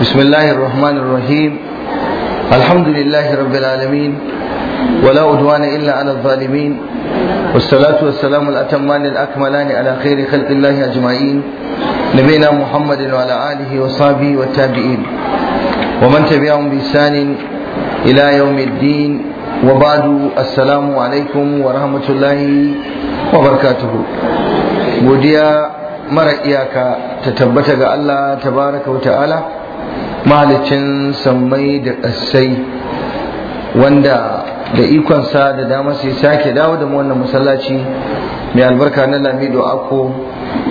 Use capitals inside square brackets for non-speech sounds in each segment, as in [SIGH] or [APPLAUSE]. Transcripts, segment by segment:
بسم الله الرحمن الرحيم الحمد لله رب العالمين ولا أدوان إلا على الظالمين والصلاة والسلام الأتمان الأكملان على خير خلق الله أجمعين نبينا محمد وعلى آله وصحبه والتابعين ومن تبعهم بإحسان إلى يوم الدين وبعد السلام عليكم ورحمة الله وبركاته godiya mara iyaka ta tabbata ga Allah tabaraka wa ta'ala mahalicin sammai da ƙasai wanda da ikonsa da dama sai sake dawo da mu wannan masallaci mai albarka na lamido ako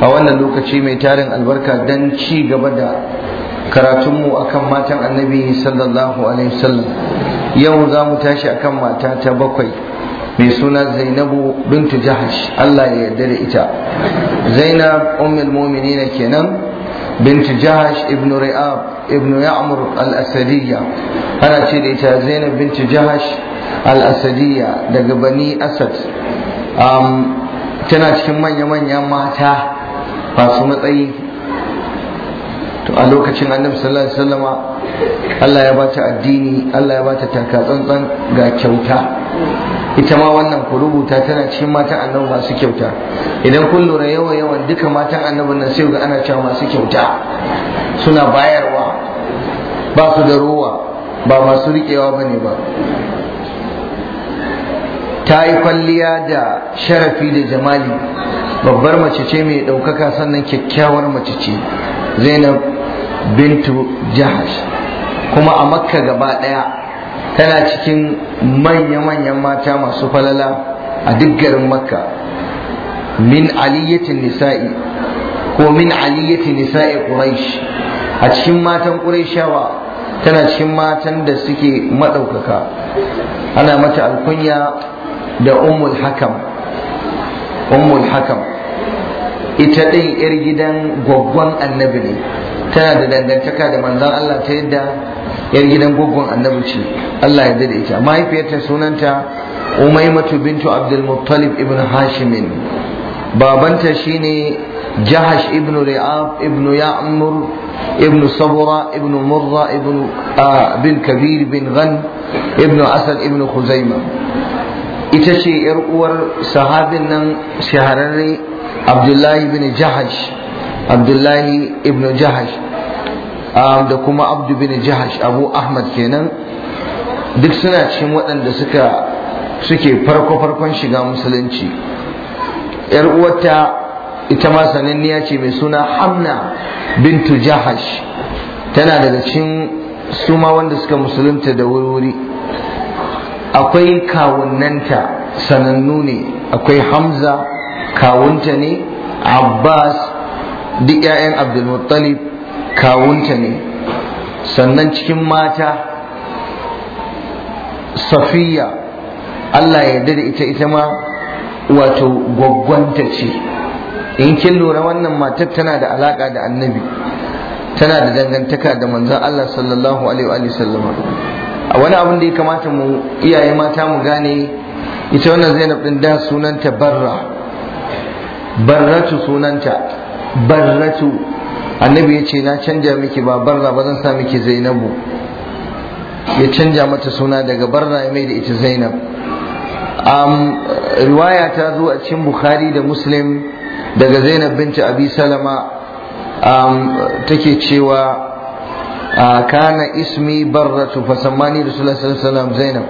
a wannan lokaci mai tarin albarka don ci gaba da karatunmu akan matan annabi sallallahu alaihi wasallam yau za mu tashi akan mata ta bakwai mai suna zainabu bintu jahash allah ya yarda da ita zainab ummul mu'minina kenan بنت جهش ابن رئاب ابن يعمر الأسدية أنا تشيري زينب بنت جهش الأسدية دقبني أسد أم تنا cikin manya-manyan mata masu matsayi to a lokacin annabi sallallahu alaihi wasallama Allah ya bata addini Allah ya bata taka tsantsan ga kyauta ita ma wannan ku rubuta tana cikin matan annabi masu kyauta idan kun lura yawa yawan duka matan annabin nan sai ga ana cewa masu kyauta suna bayarwa ba su da ruwa ba masu riƙewa ba ne ba ta yi kwalliya da sharafi da jamali babbar mace ce mai ɗaukaka sannan kyakkyawar mace ce zainab bintu jahash kuma a makka gaba ɗaya tana cikin manya-manyan mata masu falala a duk garin makka min aliyyatin nisa'i ko min aliyyatin nisa'i quraish a cikin matan quraishawa tana cikin matan da suke maɗaukaka ana mata alkunya da ummul hakam ummul hakam ita ɗin 'yar gidan gwaggon annabi ne tana da dangantaka da manzon Allah ta yadda yar gidan gugun annabi ce Allah ya da ita mahaifiyarta sunanta umaymatu bintu abdul muttalib ibn hashimin babanta shine jahash ibn ri'ab ibn ya'mur ibn sabura ibn murra ibn bin kabir bin ghan ibn asad ibn khuzaima ita ce yar uwar sahabin nan shahararre abdullahi bin jahash abdullahi ibn jahash um, da kuma abdu bin jahash abu ahmad kenan duk suna cikin waɗanda suka suke farko farkon shiga musulunci yar uwarta ita ma sananniya ce mai suna hamna bintu jahash tana daga cikin suma wanda suka musulunta da wuri akwai kawunnanta sanannu ne akwai hamza kawunta ne abbas duk 'ya'yan abdulmuttalib kawunta ne sannan cikin mata safiya Allah ya yarda da ita ita ma wato gwaggwanta ce in kin lura wannan matar tana da alaka da annabi tana da dangantaka da manzon Allah sallallahu alaihi wa a wani abin da ya kamata mu iyaye mata mu gane ita wannan Zainab din da sunanta Barra Barratu sunanta barratu annabi ya ce na canja miki ba barra ba zan sa miki zainabu ya canja mata suna daga barra ya mai da ita zainab riwaya ta zo a cikin bukhari da muslim daga zainab binta abi salama take cewa kana ismi barratu fasammani rasulullah sallallahu alaihi wasallam zainab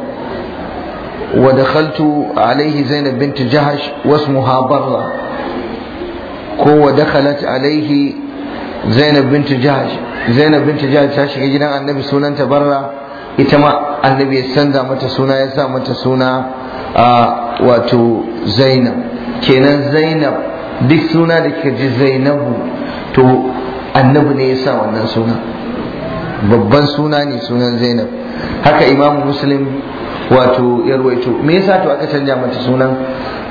ودخلت عليه زينب بنت جهش واسمها بره ko wa dakhalat alaihi zainab bintu jahsh zainab bintu jahsh ta shiga gidan annabi sunanta barra ita ma annabi ya canza mata suna ya sa mata suna a wato zainab kenan zainab duk suna da kika ji zainabu to annabi ne ya sa wannan suna babban suna ne sunan zainab haka Imam muslim wato ya ruwaito me yasa to aka canja mata sunan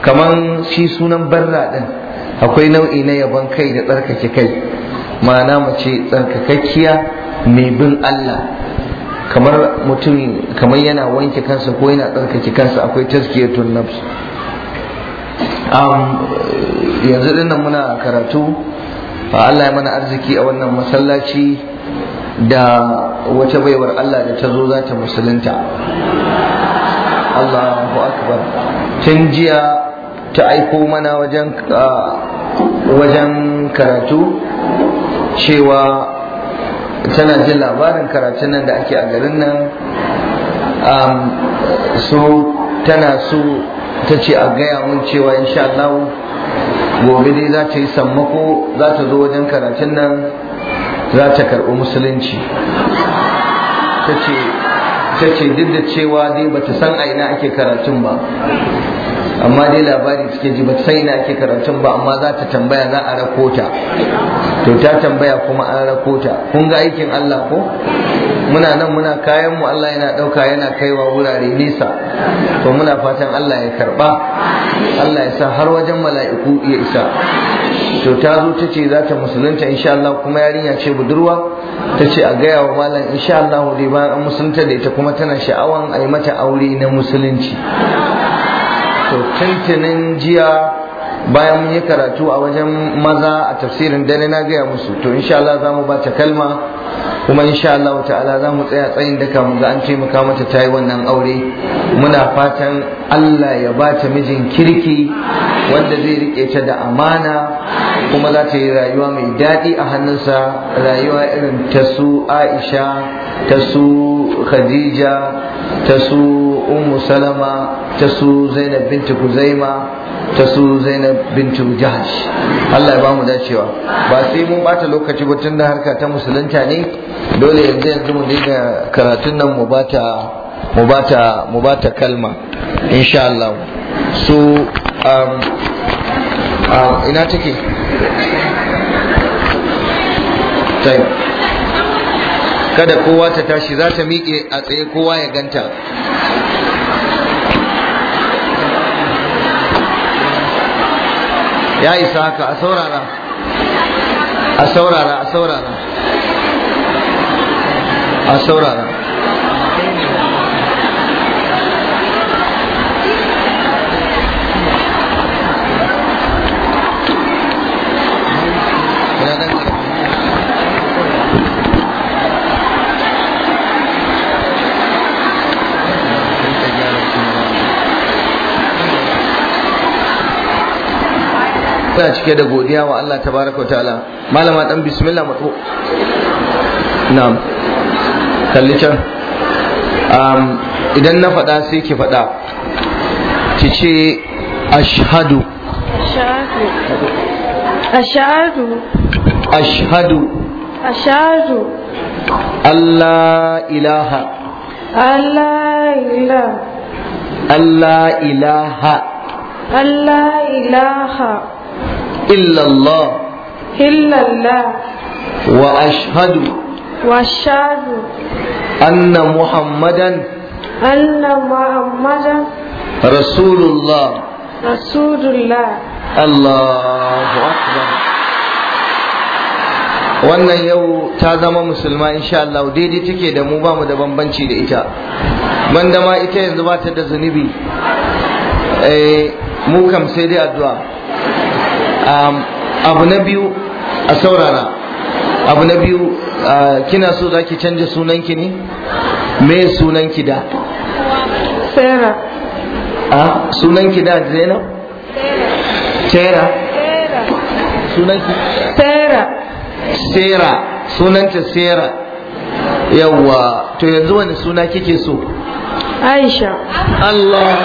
kaman shi sunan barra din akwai nau'i na yabon kai da tsarkake kai ma'ana mace tsarkakakkiya mai bin Allah kamar mutum kamar yana wanke kansa ko yana tsarkake kansa akwai tazkiyatun nafs yanzu dinnan muna karatu Allah ya mana arziki a wannan masallaci da wata baiwar Allah da ta zo za ta musulunta Allahu akbar tun jiya ta aiko mana wajen karatu cewa tana jin labarin karatun nan da ake a garin nan so tana so ta ce a gaya mun cewa insha Allah gobe dai za ta yi sammako za ta zo wajen karatun nan za ta karɓi musulunci ta ce duk da cewa dai ta san a ina ake karatun ba amma dai labari suke ji ba sai na ake karatun ba amma za ta tambaya za a rakota to ta tambaya kuma an rakota kun ga aikin Allah ko muna nan muna kayan mu Allah yana dauka yana kaiwa wurare nisa to muna fatan Allah ya karba Allah ya sa har wajen mala'iku ya isa to ta zo ta ce za ta musulunta insha Allah kuma yarinya ce budurwa ta ce a gaya wa malam insha Allah dai bayan an musulunta da ita kuma tana sha'awan a mata aure na musulunci to tuntunin jiya bayan mun yi karatu a wajen maza a tafsirin dare na gaya musu to insha Allah za mu bata kalma kuma insha Allah ta'ala za mu tsaya tsayin daka kamun ga an taimaka mata ta yi wannan aure muna fatan Allah ya bata mijin kirki wanda zai rike ta da amana kuma za ta yi rayuwa mai daɗi a hannunsa rayuwa irin ta su Aisha ta su Khadija ta su ummu salama ta su zainab binti kuzaima ta su zainab binti jahash Allah ya mu dacewa ba sai mun bata lokaci ba tunda harka ta musulunta ne dole yanzu yanzu mu dinga karatun nan mu bata mu bata mu bata kalma insha Allah so um, ina take Thank you. kada kowa ta tashi za ta miƙe a tsaye kowa ya ganta ya isa haka a saurara a saurara a saurara a saurara suna cike da godiya wa Allah tabaraka ta'ala malama dan bismillah mutu na'am kalli can idan na faɗa sai ki faɗa ki ce ashhadu ashhadu ashhadu ashhadu Allah ilaha Allah ilaha Allah ilaha Allah ilaha إلا الله إلا الله وأشهد وأشهد أن محمدا أن محمدا رسول الله رسول الله الله أكبر wannan yau ta zama musulma insha Allah daidai take da mu ba mu da bambanci da ita banda ma ita yanzu ba ta da zunubi eh mu kam sai dai addu'a Um, abu na biyu a saurara abu na biyu uh, kina so za ki canja sunanki ne me sunanki da tsera a ah, sunanki da zainab tsera sunanki tsera sera sunanta sera yawwa to yanzu wani suna kike so aisha allah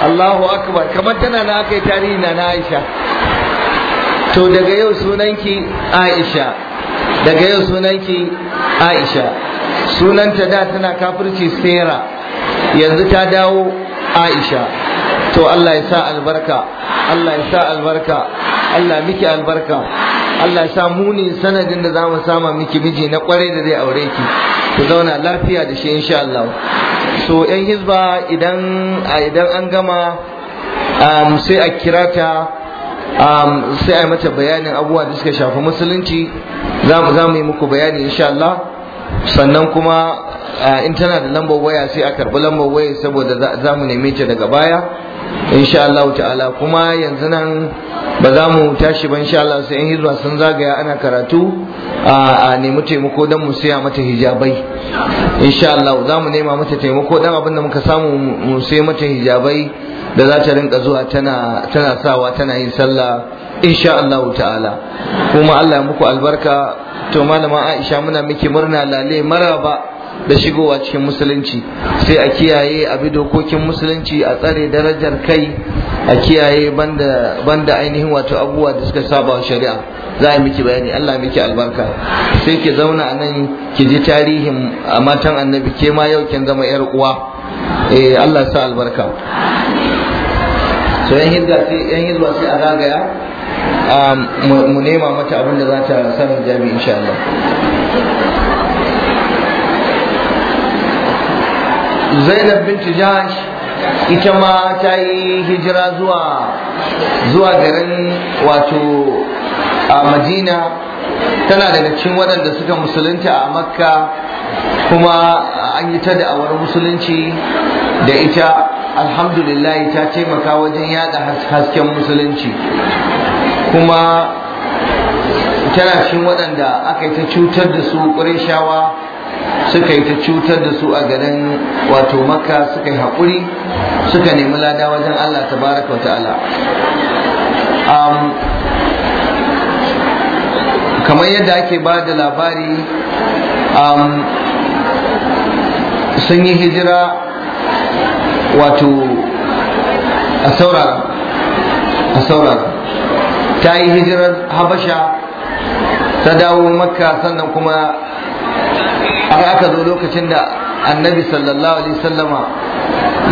Allahu akbar kamar tana na aka yi tarihi na Aisha to daga yau sunanki Aisha daga yau sunanki Aisha sunanta da tana kafirci Sera yanzu ta dawo Aisha to Allah ya sa albarka Allah ya sa albarka Allah miki albarka Allah ya sa muni sanadin da za mu sama miki miji na kwarai da zai aure ki ku zauna lafiya da shi insha Allah so yan hizba idan idan an gama um, sai a kira ta um, sai a yi mata bayanin abubuwa da suka shafi musulunci za mu za mu yi muku bayani insha Allah sannan kuma uh, in tana da lambar waya sai a karɓi lambar waya saboda za mu neme ta daga baya insha Allah ta'ala kuma yanzu nan ba za mu tashi ba insha Allah sai in hijira sun zagaya ana karatu a nemi taimako don mu siya mata hijabai insha Allah za mu nema mata taimako dan abin da muka samu mu siya mata hijabai da za ta rinka zuwa tana tana sawa tana yin sallah insha Allah ta'ala kuma Allah ya muku albarka to malama Aisha muna miki murna lale maraba da shigowa cikin musulunci sai a kiyaye a bi dokokin musulunci a tsare darajar kai a kiyaye banda ainihin wato abubuwa da suka saba wa shari'a za a miki bayani Allah miki albarka sai ki zauna a nan ki ji tarihin a matan annabi ke ma yau kin zama yar uwa eh Allah sa albarka so yan hizba sai a zagaya mu nema mata abin da za ta sanin jami'in insha zainab binti jahash ita ma ta yi hijira zuwa zuwa garin wato a madina tana daga cikin waɗanda suka musulunta a makka kuma an yi ta da'awar musulunci da ita alhamdulillah ta taimaka wajen yada hasken musulunci kuma tana cikin waɗanda aka yi ta cutar da su ƙureshawa suka yi ta cutar da su a garin wato maka, suka yi haƙuri suka nemi lada wajen allah tabaraka wa ta'ala um, kamar yadda ake ba da labari um, sun yi hijira wato a saurara a ta yi hijirar habasha ta dawo makka sannan kuma har aka zo lokacin da annabi sallallahu alaihi sallama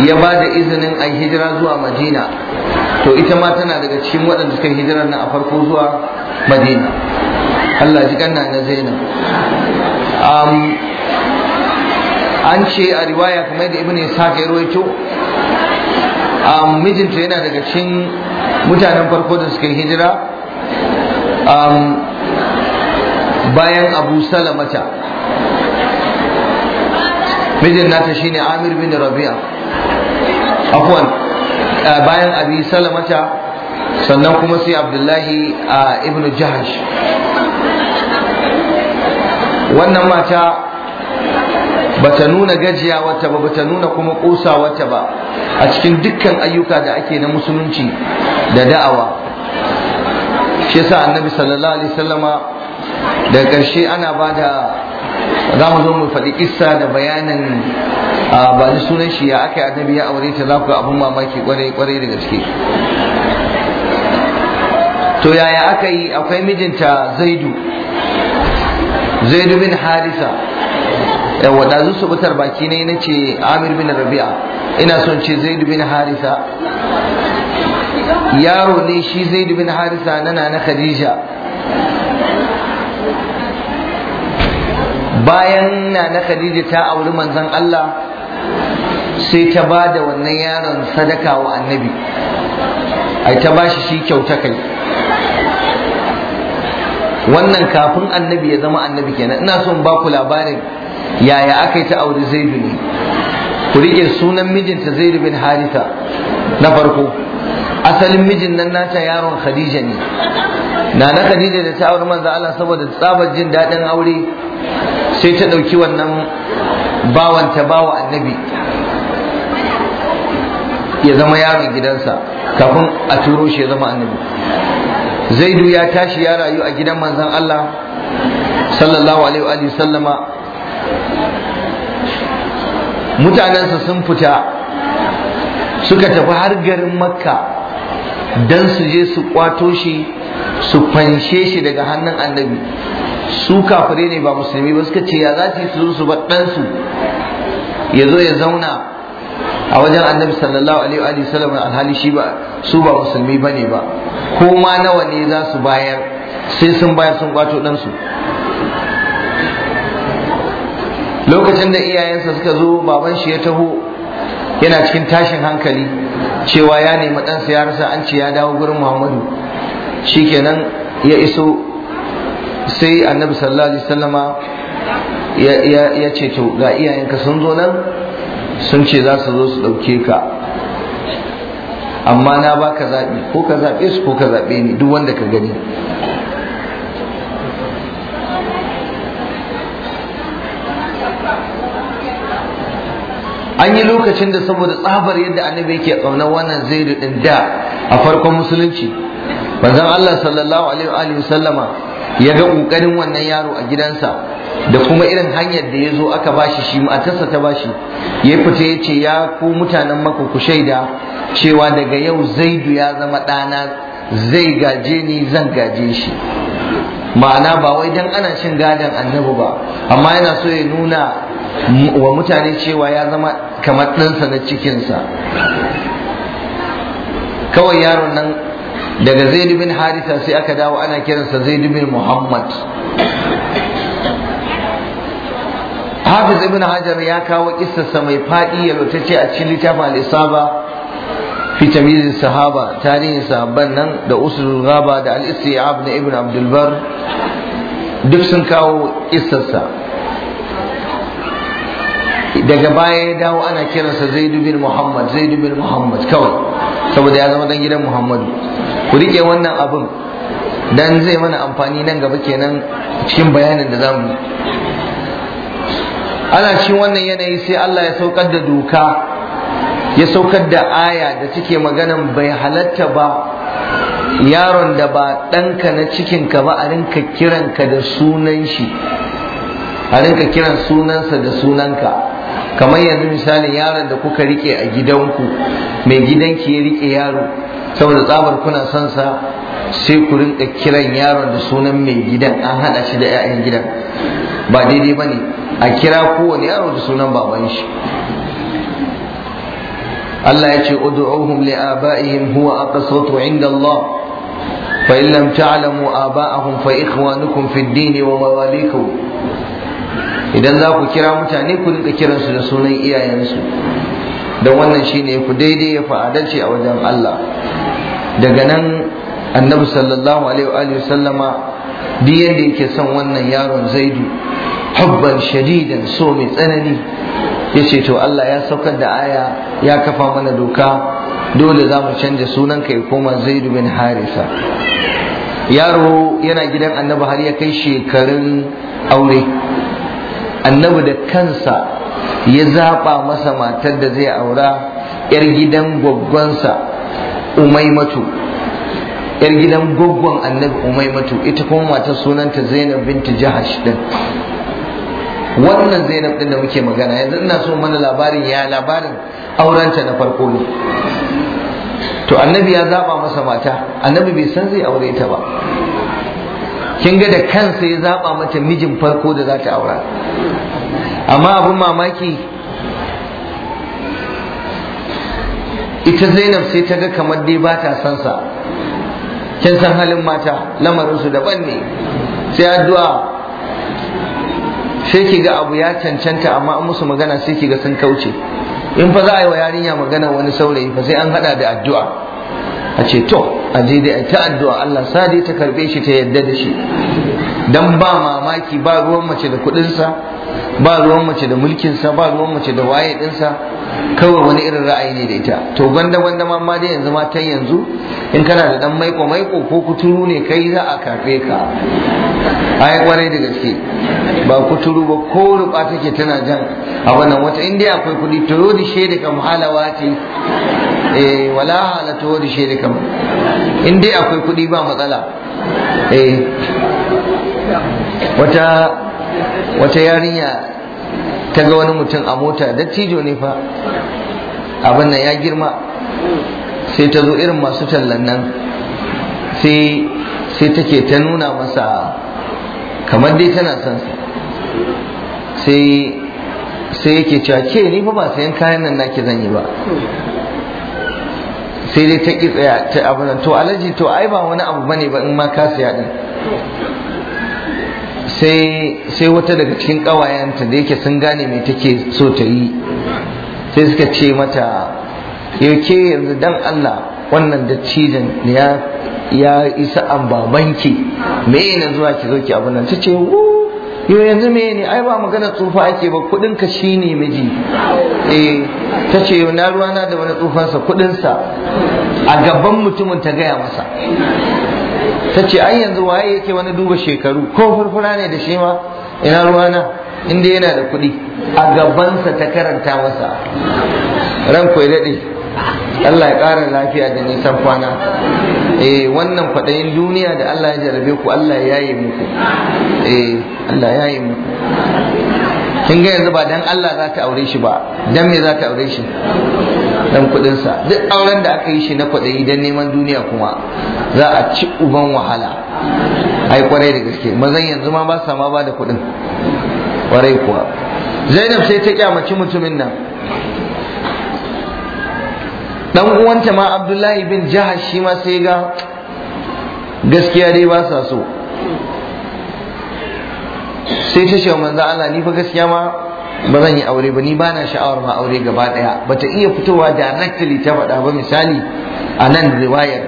ya ba da izinin a hijira zuwa madina to ita ma tana daga cikin waɗanda suka hijira na a farko zuwa madina Allah ji kanna na zainab an ce a riwaya kamar da ibn ishaq ya rawaito mijinta yana daga cikin mutanen farko da suka hijira bayan abu salamata mijin nata shine amir bin rabi'a afwan bayan abi salamata sannan kuma sai abdullahi a ibn jahash wannan mata bata nuna gajiya wata ba bata nuna kuma kusa wata ba a cikin dukkan ayyuka da ake na musulunci da da'awa shi sa annabi sallallahu alaihi sallama da ƙarshe ana ba da za mu zo mu faɗi kissa da bayanin ba ni sunan shi ya aka yi annabi ya aure ta za ku abin mamaki kwarai kwarai da gaske to yaya aka yi akwai mijinta zaidu zaidu bin harisa yawa da zu subutar baki ne na ce amir bin rabi'a ina son ce zaidu bin harisa yaro ne shi zaidu bin harisa nana na khadija bayan na na khadija ta auri manzon Allah sai ta ba wannan yaron sadaka wa annabi ai ta ba shi shi kyauta kai wannan kafin annabi ya zama annabi kenan ina son ba ku labarin yaya aka yi ta auri zaidu ne ku riƙe sunan mijinta zaidu bin harita na farko asalin mijin nan nata yaron khadija ne na na khadija da ta auri manzon Allah saboda tsabar jin daɗin aure sai ta ɗauki wannan bawan ta bawa annabi ya zama yaron gidansa kafin a turo shi ya zama annabi zaidu ya tashi ya rayu a gidan manzan Allah sallallahu alaihi wa sallama mutanensa sun fita suka tafi har garin makka don su je su kwato shi su fanshe shi daga hannun annabi su kafire ne ba musulmi ba suka ce ya za su su bar ɗansu ya zo ya zauna a wajen annabi sallallahu alaihi wa sallam alhali shi ba su ba musulmi ba ba ko ma nawa ne za su bayar sai sun bayar sun kwato ɗansu lokacin da iyayensa suka zo baban shi ya taho yana cikin tashin hankali cewa ya nemi ɗansa ya rasa an ce ya dawo gurin muhammadu shikenan ya iso sai annabi sallallahu alaihi wasallama ya ce to ga iyayenka sun zo nan sun ce za su zo su ɗauke ka amma na baka zaɓi ko ka zaɓe su ko ka zaɓe ni duk wanda ka gani an yi lokacin da saboda tsabar yadda annabi yake ƙaunar wannan zai ɗin da a farkon musulunci manzon Allah sallallahu alaihi wa sallama ya ga ƙoƙarin wannan yaro a gidansa da kuma irin hanyar da ya zo aka bashi shi matarsa ta bashi ya fita ya ce ya ku mutanen maka ku shaida cewa daga yau zaidu ya zama ɗana zai gaje ni zan gaje shi ma'ana ba wai dan ana cin gadon annabi ba amma yana so ya nuna wa mutane cewa ya zama kamar ɗansa na cikinsa kawai yaron nan daga zaid bin harisa sai aka dawo ana kiransa zaid bin muhammad hafiz ibn hajar ya kawo kisarsa mai faɗi ya ce a cikin littafin al-isaba fi tamyiz sahaba tarihin sahabban nan da usul ghaba da al-istiab na ibn abdul bar duk sun kawo kisarsa. daga baya ya dawo ana kiransa zaid bin muhammad zaid bin muhammad kawai saboda ya zama dan gidan muhammadu ku rike wannan abin dan zai mana amfani nan gaba kenan cikin bayanin da zamu ana cikin wannan yanayi sai Allah ya saukar da doka ya saukar da aya da take maganan bai halatta ba yaron da ba ɗanka na cikin ka ba a rinka kiranka da sunan shi a rinka kiran sunansa da sunanka kamar yanzu misalin yaron da kuka rike a gidanku mai gidanki ya rike yaro saboda tsabar kuna son sa sai ku rinka kiran yaron da sunan mai gidan an haɗa shi da 'ya'yan gidan ba daidai ba ne a kira kowane yaro da sunan baban shi Allah ya ce ud'uhum li abaihim huwa aqsatu 'inda Allah fa in lam ta'lamu aba'ahum fa ikhwanukum fid din wa mawalikum idan za ku kira mutane ku rika kiransu da sunan iyayensu da wannan shine ku daidai ya fa'adalci a wajen Allah daga nan annabi sallallahu alaihi wa sallama duk yadda yake son wannan yaron zaidu hubban shadidan so mai tsanani yace to Allah ya saukar da aya ya kafa mana doka dole za mu canja sunan ka ya koma zaidu bin harisa yaro yana gidan annabi har ya kai shekarun aure annabi da kansa ya zaɓa masa matar da zai aura 'yar gidan goggonsa. umaimatu yar gidan goggon annabi umaimatu ita kuma matar sunanta zainab binti jahash din wannan zainab din da muke magana yanzu ina so mana labarin ya labarin aurenta na farko ne to annabi ya zaba masa mata annabi bai san zai aure ta ba kin ga da kansa ya zaba mata mijin farko da za ta aura amma abin mamaki ita zainab sai ta ga kamar dai ba ta san sa kin san halin mata lamarin su daban ne sai addu'a sai ki ga abu ya cancanta amma an musu magana sai ki ga sun kauce in fa za a yi wa yarinya magana wani saurayi fa sai an hada da addu'a a ce to a daidai ta addu'a Allah sadi ta karbe shi ta yadda da shi dan ba mamaki ba ruwan mace da sa ba ruwan mace da mulkin sa ba ruwan mace da waye ɗinsa kawai wani irin ra'ayi ne da ita to gwanda gwanda ma ma dai yanzu matan yanzu in kana da dan maiko maiko ko kuturu ne kai za a karbe ka ai kwarai da gaske ba ku turu ba ko ruba take tana jan a wannan wata inda akwai kudi to yodi shede kam halawa ce eh wala hala to yodi shede kam inda akwai kudi ba matsala eh wata wata yarinya ta ga wani mutum a mota dattijo ne fa abin nan ya girma sai ta zo irin masu tallan nan sai sai take ta nuna masa kamar dai tana son sai sai yake cewa ke ni fa ba sayan kayan nan nake zan yi ba sai dai ta ki tsaya ta nan to alaji to ai ba wani abu bane ba in ma ka siya sai sai wata daga cikin kawayenta da yake sun gane me take so ta yi sai suka ce mata yake yanzu dan Allah wannan dattijan ya ya isa babanki me na zuwa ki zo ki abin nan ta ce wu yau yanzu me ne ai ba magana tsufa ake ba kudin ka shine miji eh ta ce ruwa na da wani tsufansa kudinsa a gaban mutumin ta gaya masa ta ce ai yanzu waye yake wani duba shekaru ko furfura ne da shi ma ina na inda yana da kudi, a gabansa ta karanta masa ran ya daɗe Allah ya ƙara lafiya da nisan kwana eh wannan fadayin duniya da Allah ya jarabe ku Allah ya yi muku eh Allah ya yi muku kin ga yanzu ba dan Allah za ta aure shi ba dan me za ta aure shi dan kudin sa duk auren da aka yi shi na kwaɗayi dan neman duniya kuma za a ci uban wahala ai kwarai da gaske mazan yanzu ma ba sa ma ba da kuɗin kwarai kuwa Zainab sai ta kyamaci mutumin nan dan uwanta ma abdullahi bin jihar shi ma sai ga gaskiya dai ba sa so sai ta ce manzo Allah ni fa gaskiya ma ba zan yi aure ba ni ba na sha'awar ma aure gaba daya bata iya fitowa directly ta faɗa ba misali a nan riwayar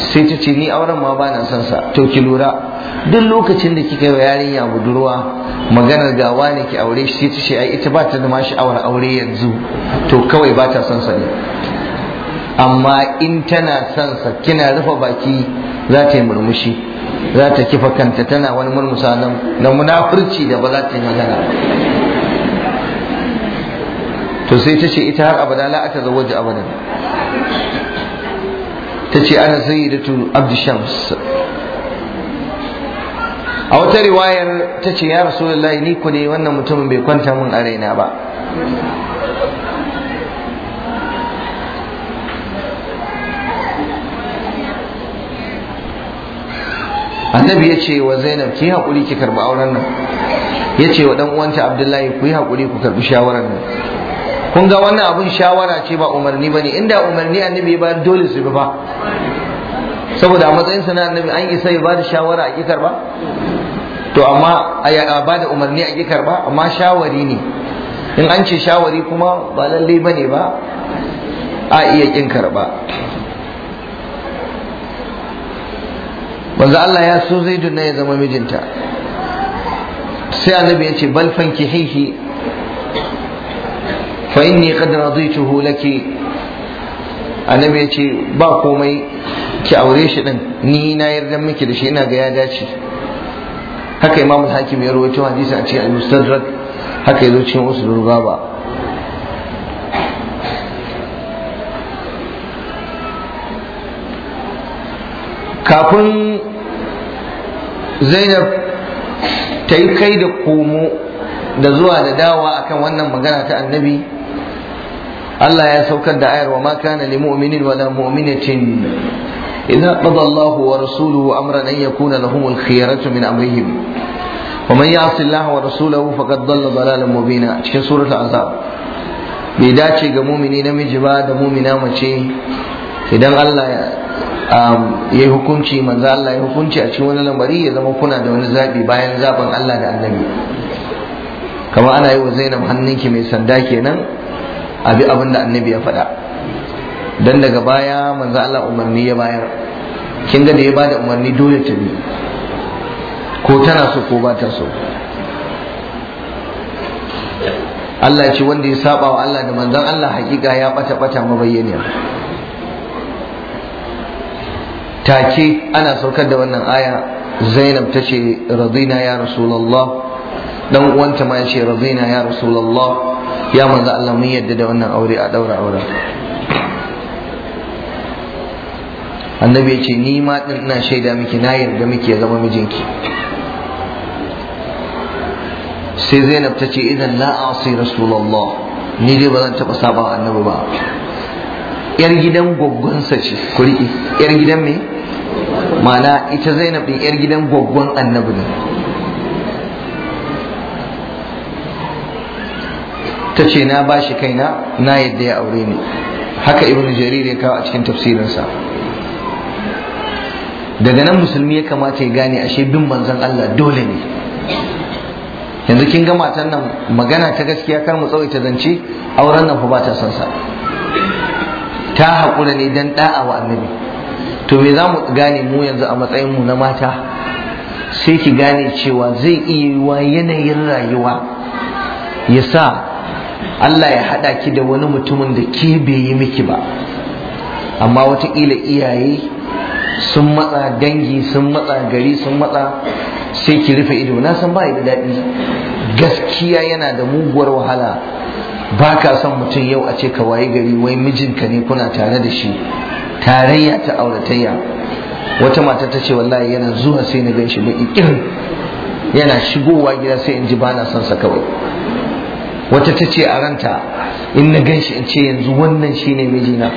sai ta ce ni auren ma ba na son sa to ki lura duk lokacin da kika wa yarinya budurwa maganar gawa ne ki aure shi sai ta ce ai ita ba ta da ma sha'awar aure yanzu to kawai ba ta son sa ne amma in tana son sa kina rufe baki za ta yi murmushi za ta kifa kanta tana wani murmusa na munafurci da ba za ta yi magana to sai ta ce ita har abada la ata zawaji abada ta ce ana sayyidatu Abdi shams a wata riwayar ta ce ya rasulullahi ni ku ne wannan mutumin bai kwanta mun a raina ba annabi ya ce wa zainab ki haƙuri ki karɓi auren nan ya ce wa ɗan'uwanta uwanta abdullahi ku yi haƙuri ku karɓi shawarar nan kun ga wannan abun shawara ce ba umarni ba ne inda umarni annabi ya bayar dole su bi ba saboda a matsayinsa na annabi an isa ya ba shawara a ƙi ba to amma a ba da umarni a ƙi ba amma shawari ne in an ce shawari kuma ba lallai ba ne ba a iya ƙin karɓa manzo Allah ya so zai na ya zama mijinta sai annabi ya ce bal fankihihi fa inni qad radituhu laki annabi ya ce ba komai ki aure shi din ni na yarda miki da shi ina ga ya dace haka imam hakim ya rawaito hadisi a cikin al-mustadrak haka yazo cikin usulul Rubaba kafin zainab ta yi kai da komo da zuwa da dawa akan wannan magana ta annabi Allah ya saukar da ayar wa ma kana lil mu'minin wa Idan mu'minatin idza Allahu wa rasuluhu amran an yakuna lahumul khiyaratu min amrihim wa man ya'si Allah wa rasulahu faqad dalla dalalan mubina cikin suratul azab bai dace ga mumini namiji ba da mumina mace idan Allah Um, ya yi hukunci manzo Allah ya hukunci a cikin wani lamari ya zama kuna da wani zaɓi bayan zaɓin Allah da annabi kama ana yi wa zainab hannunki mai sanda kenan a bi abin da annabi ya faɗa dan daga baya manzo Allah umarni ya bayar kin ga da ya bada umarni dole ta bi ko tana so ko ba ta so Allah ce wanda ya saba wa Allah da manzon Allah hakika ya bata bata mabayyaniya take ana saukar da wannan aya zainab ta ce radina ya rasulallah dan uwanta ma ya ce radina ya rasulallah ya manzo Allah mun yadda da wannan aure a daura aure. annabi ya ce ni ma din ina shaida miki na yarda miki ya zama mijinki sai zainab ta ce idan la asi rasulallah ni dai ba zan taba saba annabi ba yar gidan gwaggwansa ce ku yar gidan me mana ita zainab din yar gidan gwaggon annabi ne ta ce na bashi shi kaina na yadda ya aure ni haka ibn jarir ya kawo a cikin tafsirinsa daga nan musulmi ya kamata ya gane ashe bin manzon Allah dole ne yanzu kin ga matan nan magana ta gaskiya kar mu tsawaita zance auren nan fa ba ta son sa ta haƙura ne dan ɗa'a wa annabi to me za mu gane mu yanzu a matsayin mu na mata sai ki gane cewa zai iya wa yanayin rayuwa ya sa Allah ya haɗa ki da wani mutumin da ke bai yi miki ba amma wata wataƙila iyaye sun matsa dangi sun matsa gari sun matsa sai ki rufe ido na san bai da daɗi gaskiya yana da muguwar wahala ba ka son mutum yau a ce ka wayi gari wai mijinka ne kuna tare da shi tarayya ta auratayya wata mata ta ce wallahi yana zuwa sai na gan shi yana shigowa gida sai inji bana son sa kawai wata ta ce a ranta in na gan in ce yanzu wannan shine mijina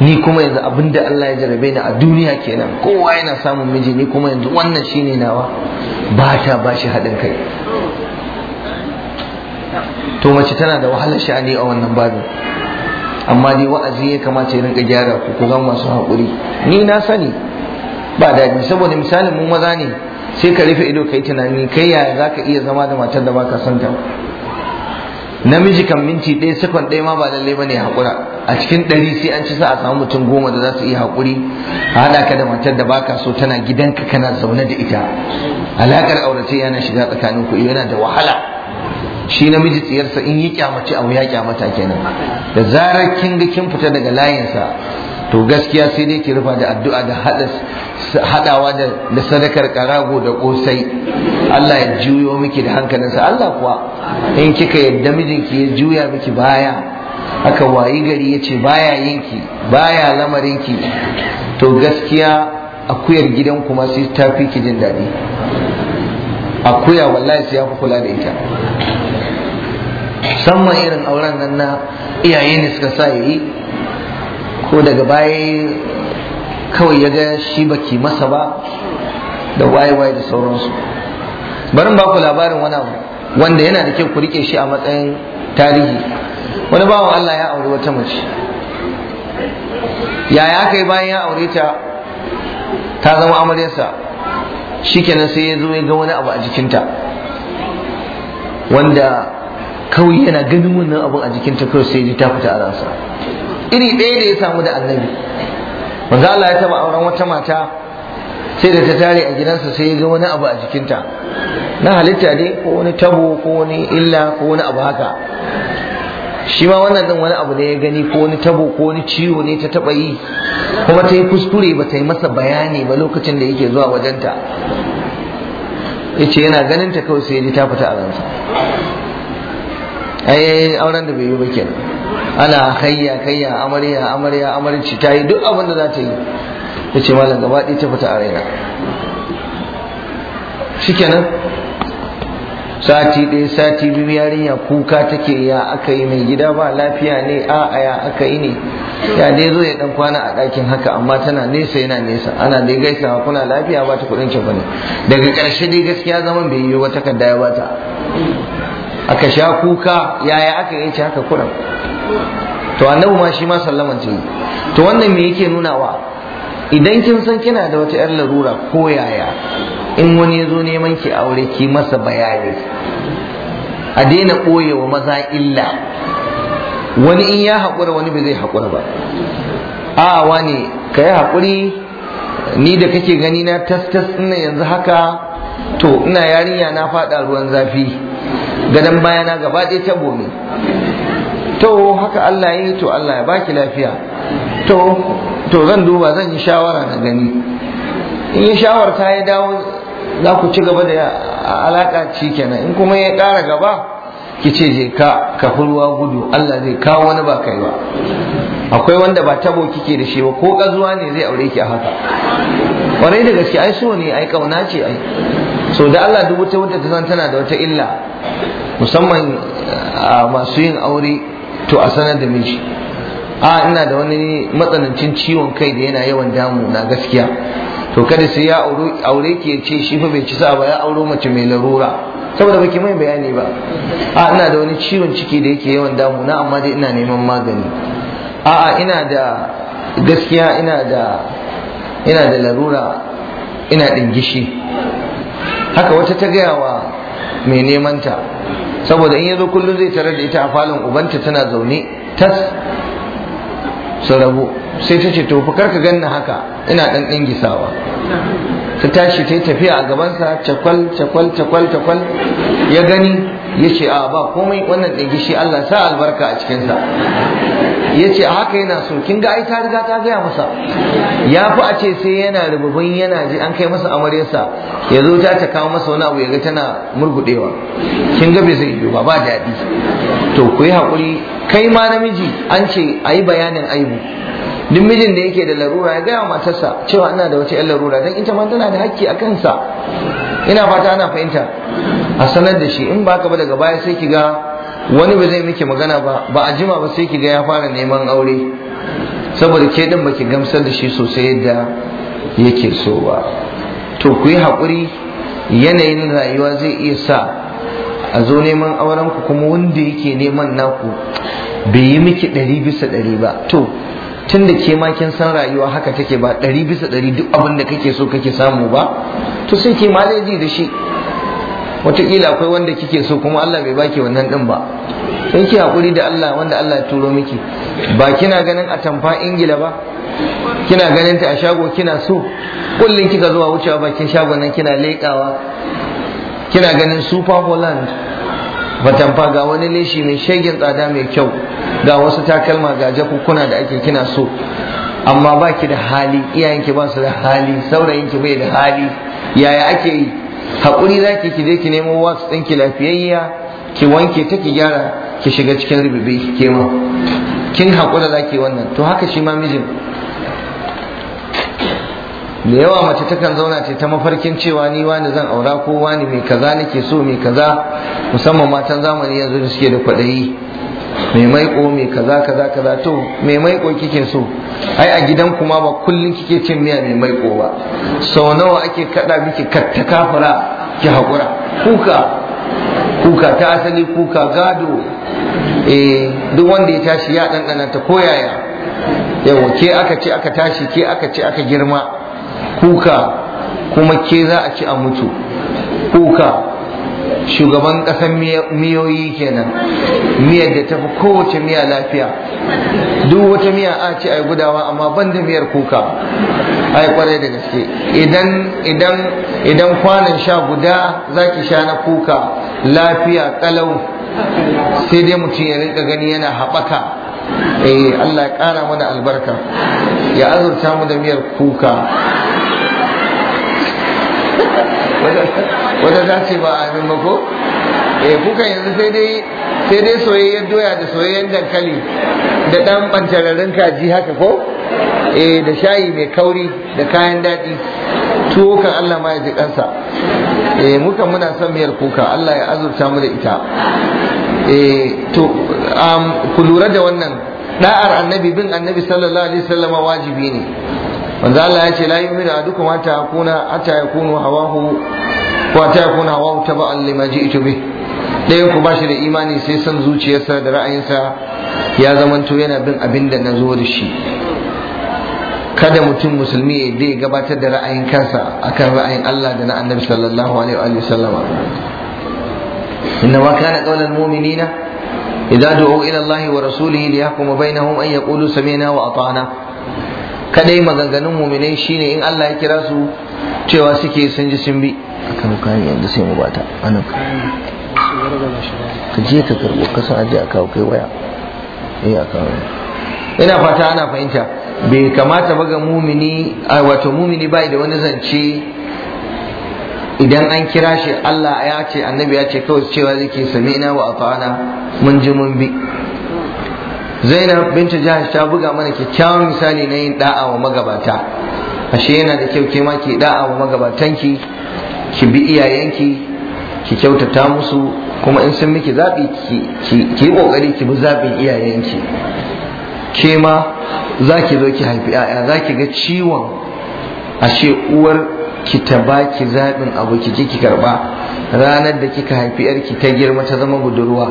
ni kuma yanzu abinda Allah ya jarabe ni a duniya kenan kowa yana samun miji ni kuma yanzu wannan shine nawa ba ta ba shi haɗin kai to mace tana da wahalar sha'ani a wannan babin amma dai wa'azi ya kamata ya rinka gyara ku ku zama masu haƙuri ni na sani ba daɗi saboda misalin mun maza ne sai ka rufe ido kai tunani kai yaya za ka iya zama da matar da baka son ta namiji kan minti ɗaya sakon ɗaya ma ba lallai ya haƙura a cikin ɗari sai an ci sa a samu mutum goma da za su iya haƙuri a haɗa ka da matar da baka so tana gidanka kana zaune da ita alaƙar aurace yana shiga tsakanin tsakaninku yana da wahala shi namiji tsiyarsa in yi kyamace abu ya kyamata kenan da zarar kin ga kin fita daga layinsa to gaskiya sai dai ki rufa da addu'a da haɗawa da sadakar karago da kosai Allah ya juyo miki da hankalinsa Allah kuwa in kika yadda mijinki ya juya miki baya aka wayi gari ya ce baya yinki baya lamarinki to gaskiya akuyar gidan kuma sai ta fi ki jin daɗi akuya wallahi sai ya fi kula da ita musamman irin auren nan na iyaye ne suka sa yi ko daga baya kawai ya ga shi baki masa ba da waye-waye da sauransu barin baku labarin wani abu wanda yana da kyau ku rike shi a matsayin tarihi wani bawan Allah ya auri wata mace yaya aka yi bayan ya aure ta ta zama amaryarsa shikenan sai ya zo ya ga wani abu a jikinta wanda kawai yana ganin wannan abun a jikinta kawai sai ji ta fita a ransa iri ɗaya da ya samu da annabi manzo Allah ya taba auren wata mata sai da ta tare a gidansa sai ya ga wani abu a jikinta na halitta ne ko wani tabo ko wani illa ko wani abu haka shi ma wannan din wani abu ne ya gani ko wani tabo ko wani ciwo ne ta taba yi kuma ta yi kuskure ba ta yi masa bayani ba lokacin da yake zuwa wajenta Ya ce yana ganin ta kawai sai ya ji ta fita a ransa ai auren da bai yi ba kenan ana hayya kayya amarya amarya amarci ta yi duk abin da za ta yi ta ce malam gaba ɗaya ta fita a raina kenan sati ɗaya sati biyu yarinya kuka take ya aka yi mai gida ba lafiya ne a ya aka yi ne ya dai zo ya dan kwana a ɗakin haka amma tana nesa yana nesa ana dai gaisawa kuna lafiya ba ta kuɗin ki ne? daga ƙarshe dai gaskiya zaman bai yi wata kadda ya bata aka sha kuka yaya aka yi ce haka kuran to annabi ma shi ma sallaman ce to wannan me yake nuna wa idan kin san kina da wata yar larura ko yaya in wani ya zo neman ki aure ki masa bayani a daina ɓoye wa maza illa wani in ya haƙura wani bai zai haƙura ba a wani ka yi haƙuri ni da kake gani na tas tas ina yanzu haka to ina yarinya na faɗa ruwan zafi gadon bayana gaba ɗaya ta gome to haka Allah ya yi to Allah ya baki lafiya to zan duba zan yi shawara na gani in yi shawar ta ya dawo za ku ci gaba da alaƙa ci kenan in kuma ya ƙara gaba ki ce je ka ka ruwa gudu Allah zai kawo wani ba kai ba akwai wanda ba tabo kike da shi ba ko ƙazuwa ne zai aure ki a haka ƙwarai da gaske ai so ne ai ƙauna ce ai Sau da Allah duk wata wata ta tana da wata illa musamman a masu yin aure to a sanar da miji a ina da wani matsanancin ciwon kai da yana yawan damu na gaskiya to kada sai ya aure ke ce shi fa bai ci sa ba ya auro mace mai larura saboda baki mai bayani ba a ina da wani ciwon ciki da yake yawan damu na amma dai ina neman magani a a ina da gaskiya ina da ina da larura ina ɗingishi haka wata ta gaya wa mai neman ta saboda in yazo kullum zai tarar da ita a falon ubanta tana zaune tas su rabu sai ta ce to karka ganna haka ina ɗan dan dingisawa ta tashi ta yi tafiya a gabansa cakwal cakwal cakwal cakwal ya gani ya ce a ba komai wannan gishi Allah sa albarka a cikinsa ya ce a haka yana so kin ga ai ta riga ta gaya masa ya fi a ce sai yana rububin yana ji an kai masa amaryarsa ya zo ta ta kawo masa wani abu ya ga tana murgudewa kin ga bai zai yi ba ba daɗi to ku yi haƙuri kai ma namiji an ce a yi bayanin aibu duk mijin da yake da larura ya gaya matarsa cewa ina da wata 'yan larura don ita ma tana da hakki a kansa ina fata ana fahimta a sanar da shi in ba ka ba daga baya sai ki ga wani ba zai miki magana ba ba a jima ba sai ki ga ya fara neman aure saboda ke din baki gamsar da shi sosai yadda yake so ba to ku yi haƙuri yanayin rayuwa zai iya sa a zo neman auren ku kuma wanda yake neman naku bai yi miki ɗari bisa ɗari ba to tun da ke kin san rayuwa haka take ba ɗari bisa ɗari duk abin da kake so kake samu ba to sai ke ma da shi wataƙila akwai wanda kike so kuma Allah bai baki wannan ɗin ba sai ki haƙuri da Allah wanda Allah ya turo miki ba kina ganin a tamfa Ingila ba kina ganin ta a shago kina so kullum kika zuwa wucewa bakin shagon nan kina leƙawa kina ganin super holland matamfa ga wani leshi mai shegin tsada mai kyau ga wasu takalma ga jakukkuna da ake kina so amma ba ki da hali iyayenki ba su da hali saurayinki bai da hali yaya ake yi haƙuri za ki ki je ki nemo wax ɗinki lafiyayya ki wanke ta ki gyara ki shiga cikin ribibi kema kin haƙura za ki wannan to haka shi ma mijin da yawa mace takan zauna ce ta mafarkin cewa ni wani zan aura ko wani mai kaza nake so mai kaza musamman matan zamani yanzu da suke da kwaɗayi mai maiko mai kaza kaza kaza to mai maiko kike so ai a gidan kuma ba kullun kike cin miya mai maiko ba sau nawa ake kada miki katta kafara ki hakura kuka kuka ta asali kuka gado eh duk wanda ya tashi ya dandana ta koyaya yawa ke aka ce aka tashi ke aka ce aka girma kuka kuma ke za a ci a mutu kuka shugaban ƙasan miyoyi kenan miyar da tafi kowace miya lafiya duk wata miya a ce ai gudawa amma ban da miyar kuka ai kwarai da gaske idan kwanan sha guda zaki sha na kuka lafiya kalau sai dai mutum ya rinka gani yana haɓaka eh Allah ya ƙara mana albarka ya azurta mu da miyar kuka wadda za ce ba a ba ko eh kuka yanzu sai dai sai dai soyayyen doya da soyayyen dankali da ɗan ɓancararin kaji haka ko eh da shayi mai kauri da kayan daɗi tuwo kan Allah ma ya ji kansa eh muka muna son miyar kuka Allah ya azurta mu da ita Eh, to ku lura da wannan da'ar annabi bin annabi sallallahu alaihi wasallam wajibi ne manzo Allah ya ce la yu'minu ahadukum hatta yakuna hatta yakunu hawahu wa hatta yakuna hawahu taba'an lima ji'tu bih ɗayan ku ba shi da imani sai san zuciyarsa da ra'ayinsa ya zamanto yana bin abin da na zo da shi kada mutum musulmi ya dai gabatar da ra'ayin kansa akan ra'ayin Allah da na annabi sallallahu alaihi wa إنما كان قول المؤمنين إذا دعوا إلى الله ورسوله ليحكم بينهم أن يقولوا سمعنا وأطعنا Kaɗai maganganun muminai shine in Allah ya kira su cewa suke sun ji sun bi akan kan sai mu bata ka je ka karbo ka san aje kai waya ina fata ana fahimta bai kamata ba ga mumini wato mumini bai da wani zance idan an kira shi Allah ya ce annabi ya ce kawai cewa yake sami'na wa ata'ana mun ji mun bi Zainab binta Jahash ta buga mana kyakkyawan misali na yin da'a wa magabata ashe yana da kyau ke ma ki da'a wa magabatanki ki bi iyayenki ki kyautata musu kuma in sun miki zaɓi ki yi ƙoƙari ki bi zaɓin iyayenki ke ma za ki zo ki haifi 'ya'ya za ki ga ciwon ashe uwar ki ta baki zaɓin abu ki je ki karɓa ranar da kika haifi yarki ta girma ta zama budurwa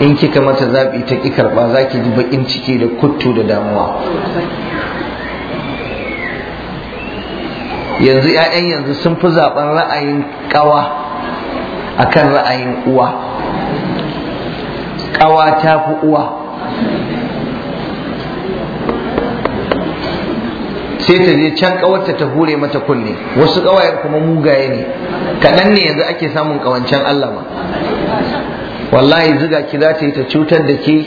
in kika mata zaɓi ta ki karɓa za ki ji baƙin ciki da kuttu da damuwa yanzu 'ya'yan yanzu sun fi zaɓen ra'ayin ƙawa a kan ra'ayin uwa ƙawa ta fi uwa sai ta je can kawarta ta hure mata kunne wasu kawayen kuma mugaye ne kaɗan ne yanzu ake samun kawancen Allah ma wallahi ziga ki za ta yi ta cutar da ke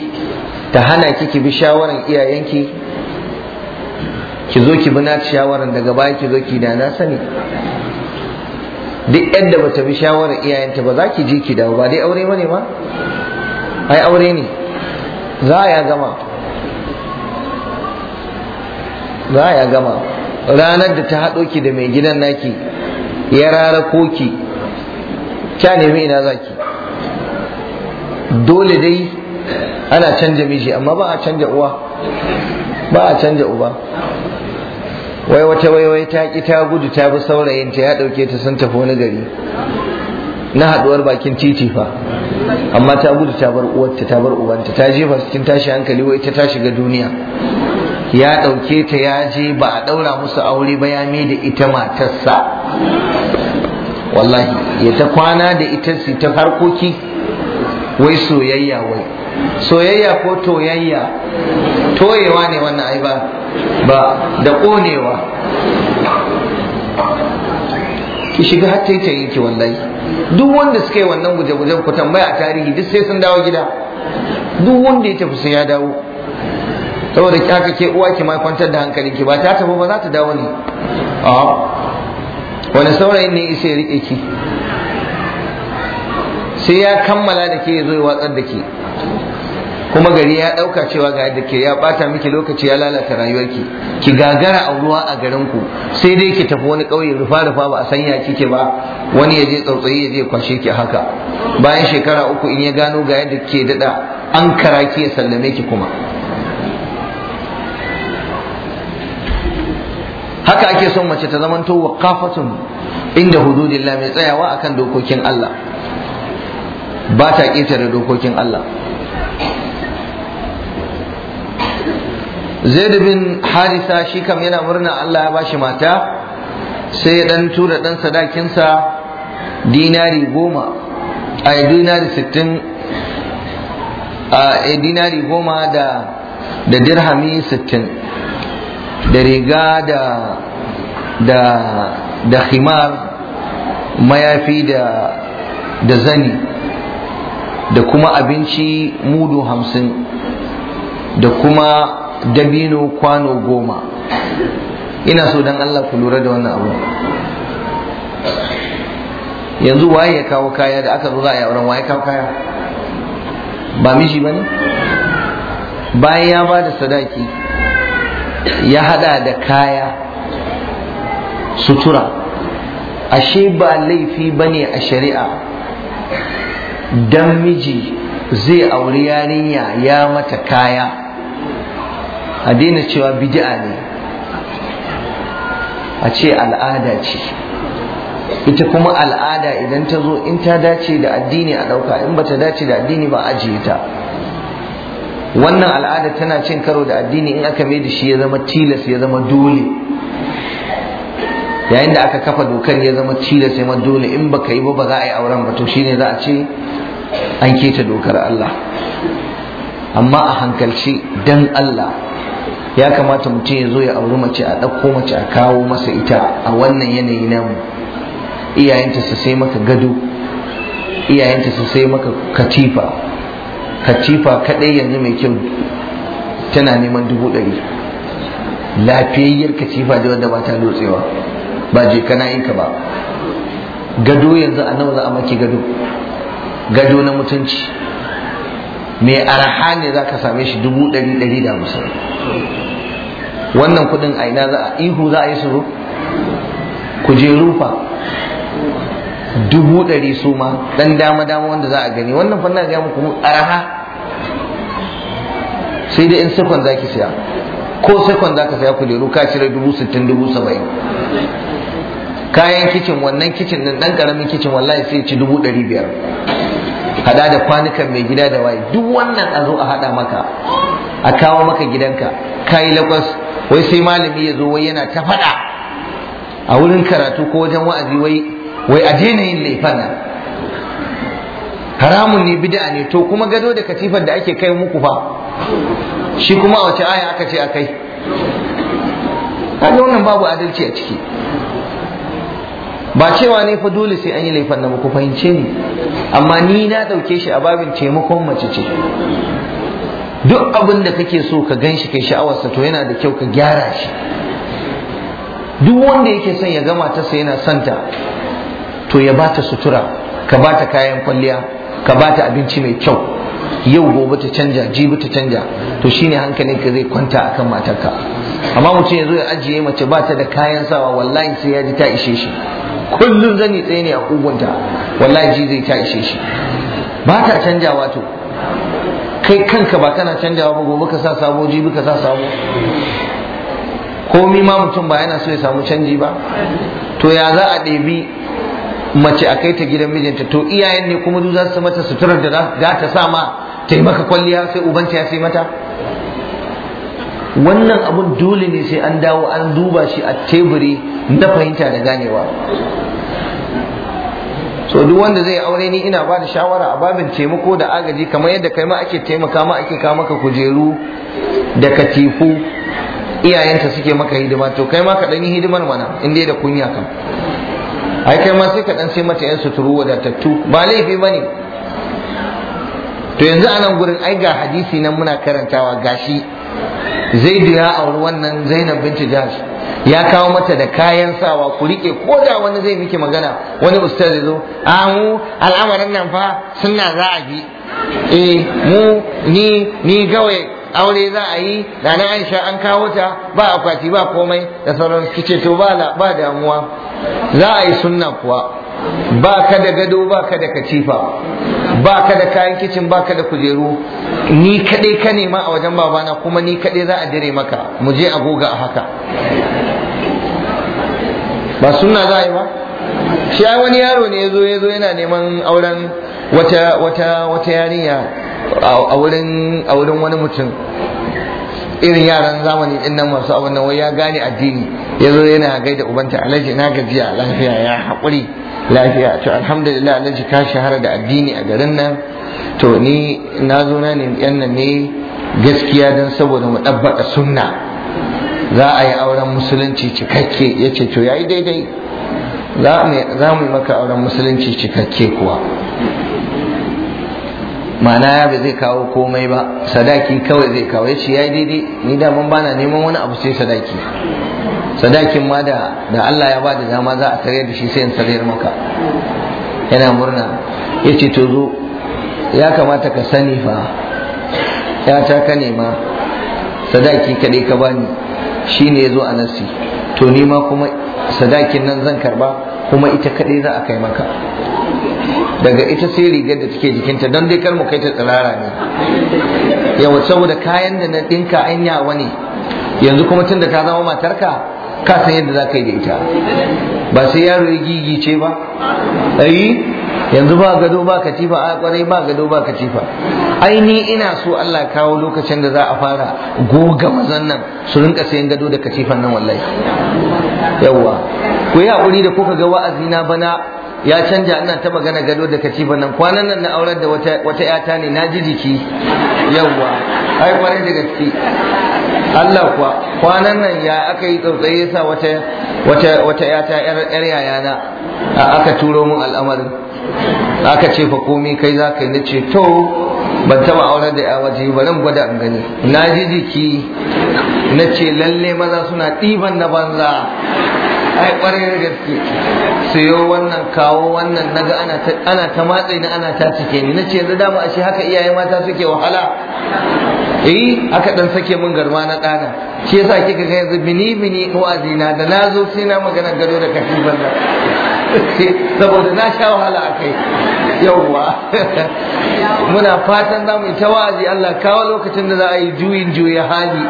ta hana ki ki bi shawaran iyayenki ki zo ki bi na shawaran daga baya ki zo ki da na sani duk yadda ba ta bi shawarar iyayenta ba za ki je ki dawo ba dai aure ba ne ma ai aure ne za a ya gama za ya gama ranar da ta haɗo ki da mai gidan naki ya rara koki kya nemi ina zaki dole dai ana canja miji amma ba a canja uwa ba a canja uba wai wata wai ta ki ta gudu ta bi saurayin ta ya ɗauke ta sun tafi wani gari na haɗuwar bakin titi fa amma ta gudu ta bar uwarta ta bar ubanta ta jefa cikin tashi hankali wai ta ta shiga duniya ya ɗauke ta ya je ba a ɗaura musu aure ba ya mai da ita matarsa wallahi ya ta kwana da ita su ta harkoki wai soyayya wai soyayya ko toyayya toyewa ne wannan ai ba ba da ƙonewa ki shiga har ta yi ki wallahi duk wanda suka yi wannan guje-gujen ku tambaya a tarihi duk sai sun dawo gida duk wanda ya tafi sai ya dawo saboda ki ke uwa ki mai kwantar da hankalin ki, ba ta tafi ba za ta dawo ne a wani saurayin ne isa ya rike ki sai ya kammala da ke zo ya watsar da ke kuma gari ya ɗauka cewa ga yadda ke ya bata miki lokaci ya lalata rayuwarki ki gagara a ruwa a garin ku. sai dai ki tafi wani kauye rufa rufa ba a san ya kike ba wani ya je tsautsayi ya je kwashe ki haka bayan shekara uku in ya gano ga yadda ke dada, an kara ki ya sallame ki kuma haka ake son mace ta zamanto waqafatun inda hududillah mai tsayawa akan dokokin Allah ba ta ƙetare dokokin Allah Zaid bin Harisa shi kam yana murna Allah ya bashi mata sai ya dan tura dan sadakinsa dinari goma a dinari sittin a dinari goma da da dirhami sittin da riga da da da khimar mayafi da da zani da kuma abinci mudu hamsin da kuma dabino kwano goma ina so don Allah ku lura da wannan abu yanzu waye ya kawo kaya da aka zo za a yi auren waye kawo kaya ba miji ba ne bayan ya ba da sadaki ya hada da kaya sutura ashe ba laifi bane a shari'a dan miji zai auri yarinya ya mata kaya a daina cewa bid'a ne a ce al'ada ce ita kuma al'ada idan ta zo in ta dace da addini a ɗauka in ba ta dace da addini ba ajiye ta wannan al'ada tana cin karo da addini in aka mai da shi ya zama tilas ya zama dole yayin da aka kafa dokar ya zama tilas ya zama dole in baka yi ba ba za a yi auren ba to shine za a ce an keta dokar Allah amma a hankalci dan Allah ya kamata mutum ya zo ya auri mace a ɗauko mace a kawo masa ita a wannan yanayi na iyayenta su sai maka gado iyayenta su sai maka katifa katifa kadai yanzu mai kyau tana neman dubu ɗari lafiyayyar katifa da wanda ba ta lotsewa ba je kana ka ba gado yanzu a nawa za a maki gado gado na mutunci mai araha ne za ka same shi dubu ɗari ɗari da hamsin wannan kuɗin a ina za a ihu za a yi su je rufa. dubu ɗari su ma dan dama dama wanda za a gani wannan fannin ga muku araha sai dai in sakon za ki siya ko sakon za ka siya kujeru ka cire dubu sittin dubu saba'in kayan kicin wannan kicin din ɗan ƙaramin kicin wallahi sai ci dubu ɗari biyar hada da kwanukan mai gida da waye duk wannan a zo a hada maka a kawo maka gidanka kayi lagos wai sai malami ya zo wai yana ta faɗa a wurin karatu ko wajen wa'azi wai wai a daina yin laifin nan haramun ne bid'a ne to kuma gado da katifar da ake kai muku fa shi kuma a wace aya aka ce a kai kaga wannan babu adalci a ciki ba cewa ne fa dole sai an yi laifin nan ku fahimce ni amma ni na ɗauke shi a babin taimakon mace ce duk abin da kake so ka gan shi kai sha'awarsa to yana da kyau ka gyara shi duk wanda yake son ya gama ta sai yana son to ya ba ta sutura ka ba ta kayan kwalliya ka ba ta abinci mai kyau yau gobe ta canja jibi ta canja to shine hankalin ka zai kwanta akan matarka amma mutum ya zo ya ajiye mace ba ta da kayan sawa wallahi sai ya ji ta ishe shi kullum zani tsaye ne a kugunta wallahi ji zai ta ishe shi ba ta canjawa to kai kanka ba kana canjawa ba gobe ka sa sabo jibi ka sa sabo komi ma mutum ba yana so ya samu canji ba to ya za a ɗebi mace a kai ta gidan mijinta to iyayen ne kuma duk za su mata suturar da za ta sa ma ta yi maka kwalliya sai ubanta ya sai mata wannan abun dole ne sai an dawo an duba shi a teburi na fahimta da ganewa so duk wanda zai aure ni ina ba da shawara a babin taimako da agaji kamar yadda kai ma ake taimaka ma ake kawo maka kujeru da katifu iyayenta suke maka hidima to kai ma ka ɗan yi hidimar mana in dai da kunya kan ai kai ma sai ka dan sai mata yan suturu wadatattu ba laifi bane to yanzu anan gurin ai ga hadisi nan muna karantawa gashi zaidu ya auri wannan zainab binti jahsh ya kawo mata da kayan sawa ku rike ko da wani zai miki magana wani ustaz zai zo a mu al'amarin nan fa sunna za a bi eh mu ni ni gawayi aure za a yi da na aisha an kawo ta ba akwati ba komai da sauran kice to ba ba damuwa za a yi sunna kuwa ba ka da gado ba ka da katifa ba ka da kayan kicin ba ka da kujeru ni kaɗai ka nema a wajen babana kuma ni kaɗai za a dire maka mu je a goga a haka ba sunna za a yi ba shi ai wani yaro ne yazo yazo yana neman auren wata wata wata yarinya a wurin a wurin wani mutum irin yaran zamani din nan masu abin nan wai ya gane addini ya zo yana gaida ubanta alhaji na gajiya lafiya ya haƙuri lafiya to alhamdulillah alhaji ka shahara da addini a garin nan to ni na zo na ne yan nan ne gaskiya don saboda mu ɗabbaka sunna za a yi auren musulunci cikakke ya ce to ya yi daidai za mu yi maka auren musulunci cikakke kuwa ma'ana ba zai kawo komai ba sadaki kawai zai kawo ya ce ya daidai ni da mun bana neman wani abu sai sadaki sadakin ma da Allah ya bada dama za a tare da shi sai in sarayar maka yana murna ya ce to zo ya kamata ka sani fa ya ta ka nema sadaki kaɗai ka bani shi ne ya zo a nasi to ni ma kuma sadakin nan zan karba kuma ita kaɗai za a kai maka daga ita sai rigar da take jikinta don dai kar mu kai ta tsirara ne yawa saboda kayan da na ɗinka an yawa ne yanzu kuma tun da ta zama matarka ka san yadda za ka yi da ita ba sai yaro ya gigice ba ayi yanzu ba gado ba katifa a kwarai ba gado ba katifa ai ni ina so Allah kawo lokacin da za a fara goga mazan nan su rinka sayan gado da katifan nan wallahi yawwa ku yi hakuri da kuka ga wa'azi na bana ya canja ana ta magana gado da katifa nan kwanan nan na aurar da wata yata ne na ji jiki yawwa ai kwarai da gaske Allah kuwa kwanan nan ya aka yi tsautsayi yasa wata wata wata yata yar A aka turo mun al'amarin aka ce fa komai kai za ka yi na ce to ban taba aurar da ya waje ba nan gwada an gani na ji jiki na ce lalle maza suna ɗiban na banza ai kwarai da gaske sayo wannan kawo wannan naga ana ta matsayi na ana ta cike ni ce yanzu dama ashe haka iyaye mata suke wahala eh aka dan sake min garma na dana shi yasa kika ga yanzu mini mini wa'azi na da nazo sai na magana gado da kafifan da saboda na sha wahala a kai yauwa muna fatan za mu yi ta wa'azi Allah kawo lokacin da za a yi juyin juya hali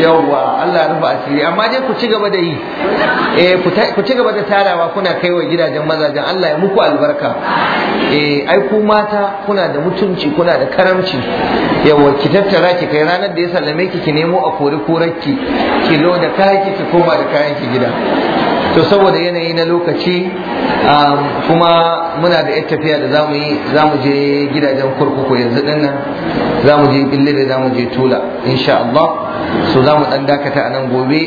yawwa Allah rufa asiri amma dai ku ci gaba da yi eh ku ci gaba da tarawa kuna kai wa gidajen mazajen Allah ya muku albarka eh ai ku mata kuna da mutunci kuna da karamci yawwa ki tattara ki kai ranar da ya sallame ki ki nemo a kori korarki ki lo da ki ki koma da kayan ki gida to saboda yanayi na lokaci um, kuma muna da yar tafiya da zamu yi zamu je gidajen kurkuku yanzu din nan zamu je billire zamu je tula insha Allah so zamu dan dakata anan gobe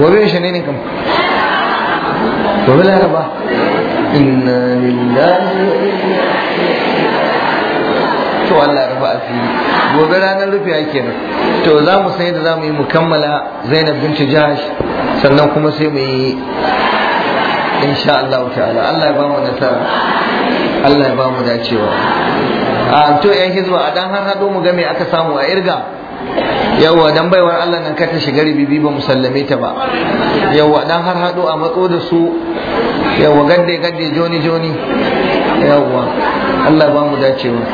gobe shi ne kam gobe laraba inna lillahi to Allah ya rufa asiri gobe ranar rufiya kenan to za mu sai da za mu yi mukammala zainab binti jahash sannan kuma sai mu yi insha Allah ta'ala Allah ya ba mu nasara Allah ya ba mu dacewa a to yan hizba a dan har hado mu ga me aka samu a irga yawwa dan baiwar Allah nan kata ta shiga ribibi ba musallame ta ba yawwa dan har hado a matso da su yawwa gadde gadde joni joni yawwa Allah ba mu dacewa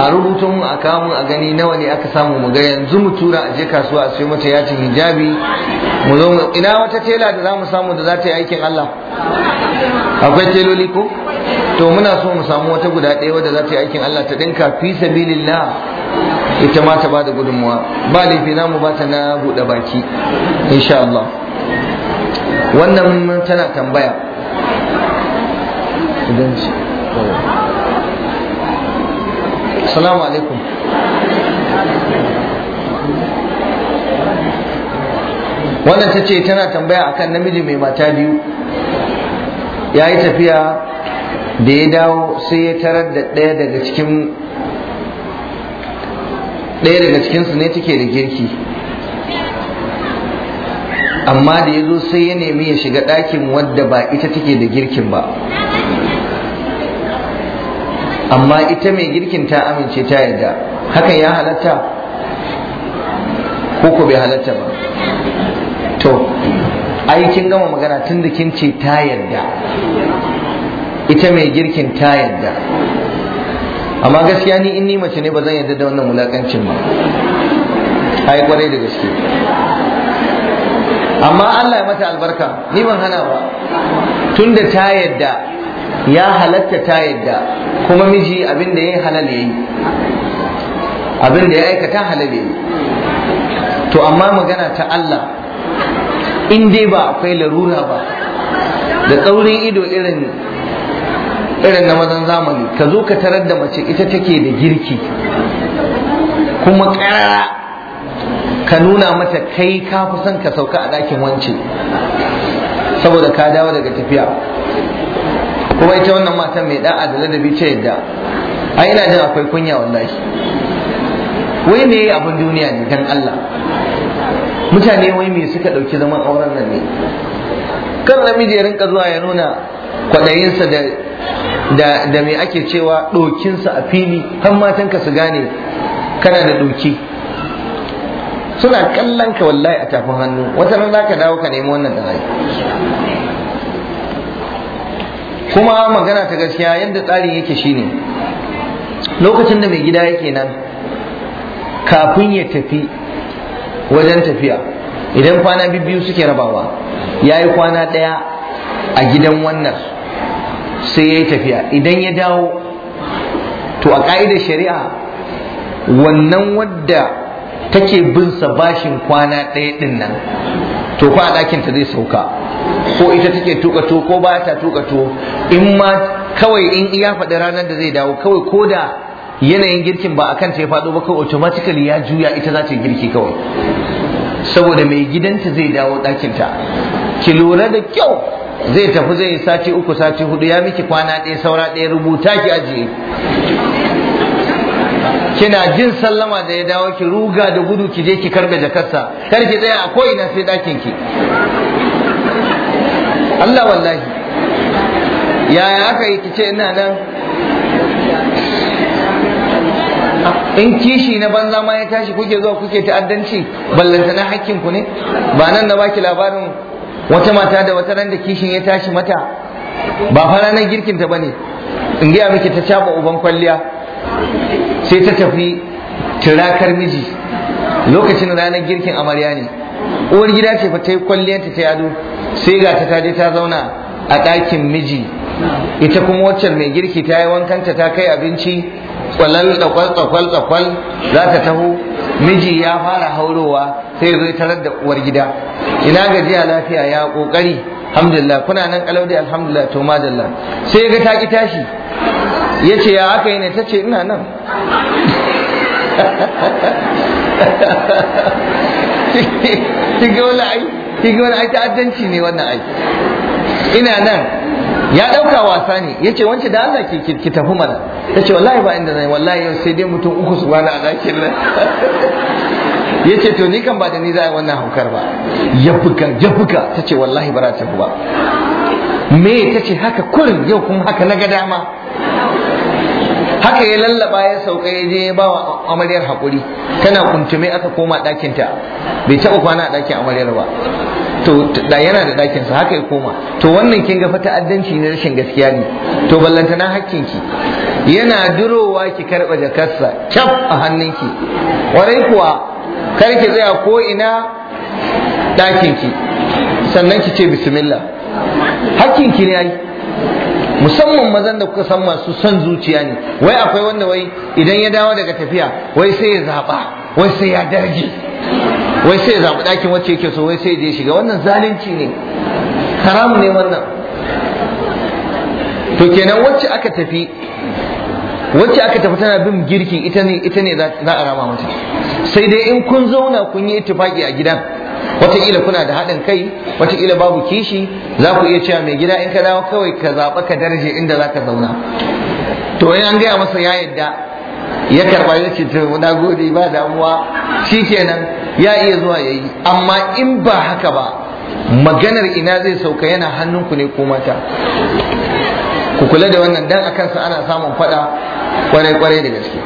a rubuta a kamun a gani nawa ne aka samu mu ga yanzu mu tura a je kasuwa a sayo mata yacin hijabi mu zo ina wata tela da za samu da za ta yi aikin Allah akwai teloli ko to muna so mu samu wata guda ɗaya wadda za ta yi aikin Allah ta dinka fi sabilillah ita ma ta ba da gudunmuwa ba laifi namu ba ta na buɗe baki insha Allah wannan tana tambaya idan shi assalamu alaikum wannan ta ce tana tambaya akan namiji mai mata biyu ya yi tafiya da ya dawo sai ya tarar da ɗaya daga cikin ɗaya daga cikinsu ne take da girki amma da ya zo sai ya nemi ya shiga ɗakin wadda ba ita take da girkin ba amma ita mai girkin ta amince ta yarda hakan ya halatta ko ko bai halatta ba to aikin gama magana tun da kin ce ta yarda ita mai girkin ta yarda amma gaskiya ni in ni mace ne ba zan yarda da wannan mulakancin ba ai kwarai da gaske amma Allah ya mata albarka ni ban hana ba tun da ta yarda ya halatta ta yadda kuma miji abin da ya halal yi abin da ya aikata halal yi to amma magana ta Allah in dai ba akwai larura ba da tsaurin ido irin irin na mazan zamani ka zo ka tarar da mace ita take da girki kuma karara ka nuna mata kai ka fi son ka sauka a ɗakin wance saboda ka dawo daga tafiya kuma ita wannan matan mai da'a da ladabi ce yadda ai ina jin akwai kunya wallahi wai me abin duniya ne dan Allah mutane wai me suka dauki zaman auren nan ne kan namiji ya rinka zuwa ya nuna kwadayinsa da da ake cewa dokinsa a fili har matanka su gane kana da doki suna kallon ka wallahi a tafin hannu wata ran zaka dawo ka nemi wannan da kuma magana ta gaskiya yadda tsarin yake shine lokacin da mai gida yake nan kafin ya tafi wajen tafiya idan kwana biyu suke rabawa ya yi kwana ɗaya a gidan wannan sai ya yi tafiya idan ya dawo to a ƙa'idar shari'a wannan wadda take binsa bashin kwana ɗaya ɗin nan to kwa a ɗakinta zai sauka ko ita take tuka tuwo ko ba ta tuka tuwo in ma kawai in iya faɗi ranar da zai dawo kawai ko da yanayin girkin ba akan ta ya faɗo ba kawai automatically ya juya ita za ta girki kawai saboda mai gidanta zai dawo ɗakinta ki lura da kyau zai tafi zai sati uku sati hudu ya miki kwana ɗaya saura ɗaya rubuta ki ajiye kina jin sallama da ya dawo ki ruga da gudu ki je ki karbe jakarsa kar ki tsaya a ko'ina sai ɗakin ki Allah wallahi yaya aka yi kice ina nan in kishi na banza ma ya tashi kuke zuwa kuke ta'addanci ballanta na hakkin ku ne ba nan na baki labarin wata mata da wata ran da kishin ya tashi mata ba fara ranar girkin ta bane in gaya miki ta caba uban kwalliya sai ta tafi tirakar miji lokacin ranar girkin amarya ne uwar gida ce fa ta yi ta yado sai ga ta taje ta zauna a ɗakin miji ita kuma waccan mai girki ta yi wankanta ta kai abinci kwalal tsakwal tsakwal tsakwal za ta taho miji ya fara haurowa sai zai tarar da uwar gida ina gajiya lafiya ya kokari alhamdulillah kuna nan kalaudi alhamdulillah to madalla sai ga ta ki tashi yace ya aka yi ne tace ina nan [LAUGHS] kiga wala ai kiga wala ai ta'addanci ne wannan ai ina nan ya dauka wasa ne yace wance da Allah ke ki tafi mana tace wallahi ba inda zan wallahi yau sai dai mutum uku su wani a nan [LAUGHS] yace to ni kan ba da ni za a wannan haukar ba ya fuka ya fuka tace wallahi ba za ta ba me tace haka kurin yau kuma haka na ga dama haka ya lallaba ya sauka ya je ya ba wa amaryar hakuri tana kuntume aka koma ɗakin ta bai taɓa kwana a ɗakin amaryar ba to da yana da ɗakin sa haka ya koma to wannan kin ga fa ta'addanci ne rashin gaskiya ne to ballantana hakkin ki yana durowa ki karɓa jakarsa cap a hannun ki. warai kuwa kar ki tsaya ko ina ɗakinki. sannan ki ce bismillah hakkin ki ne ai musamman mazan da kuka san masu son zuciya ne wai akwai wanda wai idan ya dawo daga tafiya wai sai ya zaɓa wai sai ya darge wai sai ya zaɓi ɗakin wacce yake so wai sai ya shiga wannan zalunci ne haramu ne wannan to kenan wacce aka tafi wacce aka tafi tana bin girki ita ne ita ne za a rama mata sai dai in kun zauna kun yi ittifaki a gidan wataƙila kuna da haɗin kai wataƙila babu kishi za ku iya cewa mai gida in ka dawo kawai ka zaɓa ka darje inda za ka zauna to in an gaya masa ya yadda ya karɓa ya ce to na gode ba damuwa shikenan ya iya zuwa ya yi amma in ba haka ba maganar ina zai sauka yana hannunku ne ko mata ku kula da wannan dan akan sa ana samun faɗa kwarai-kwarai da gaske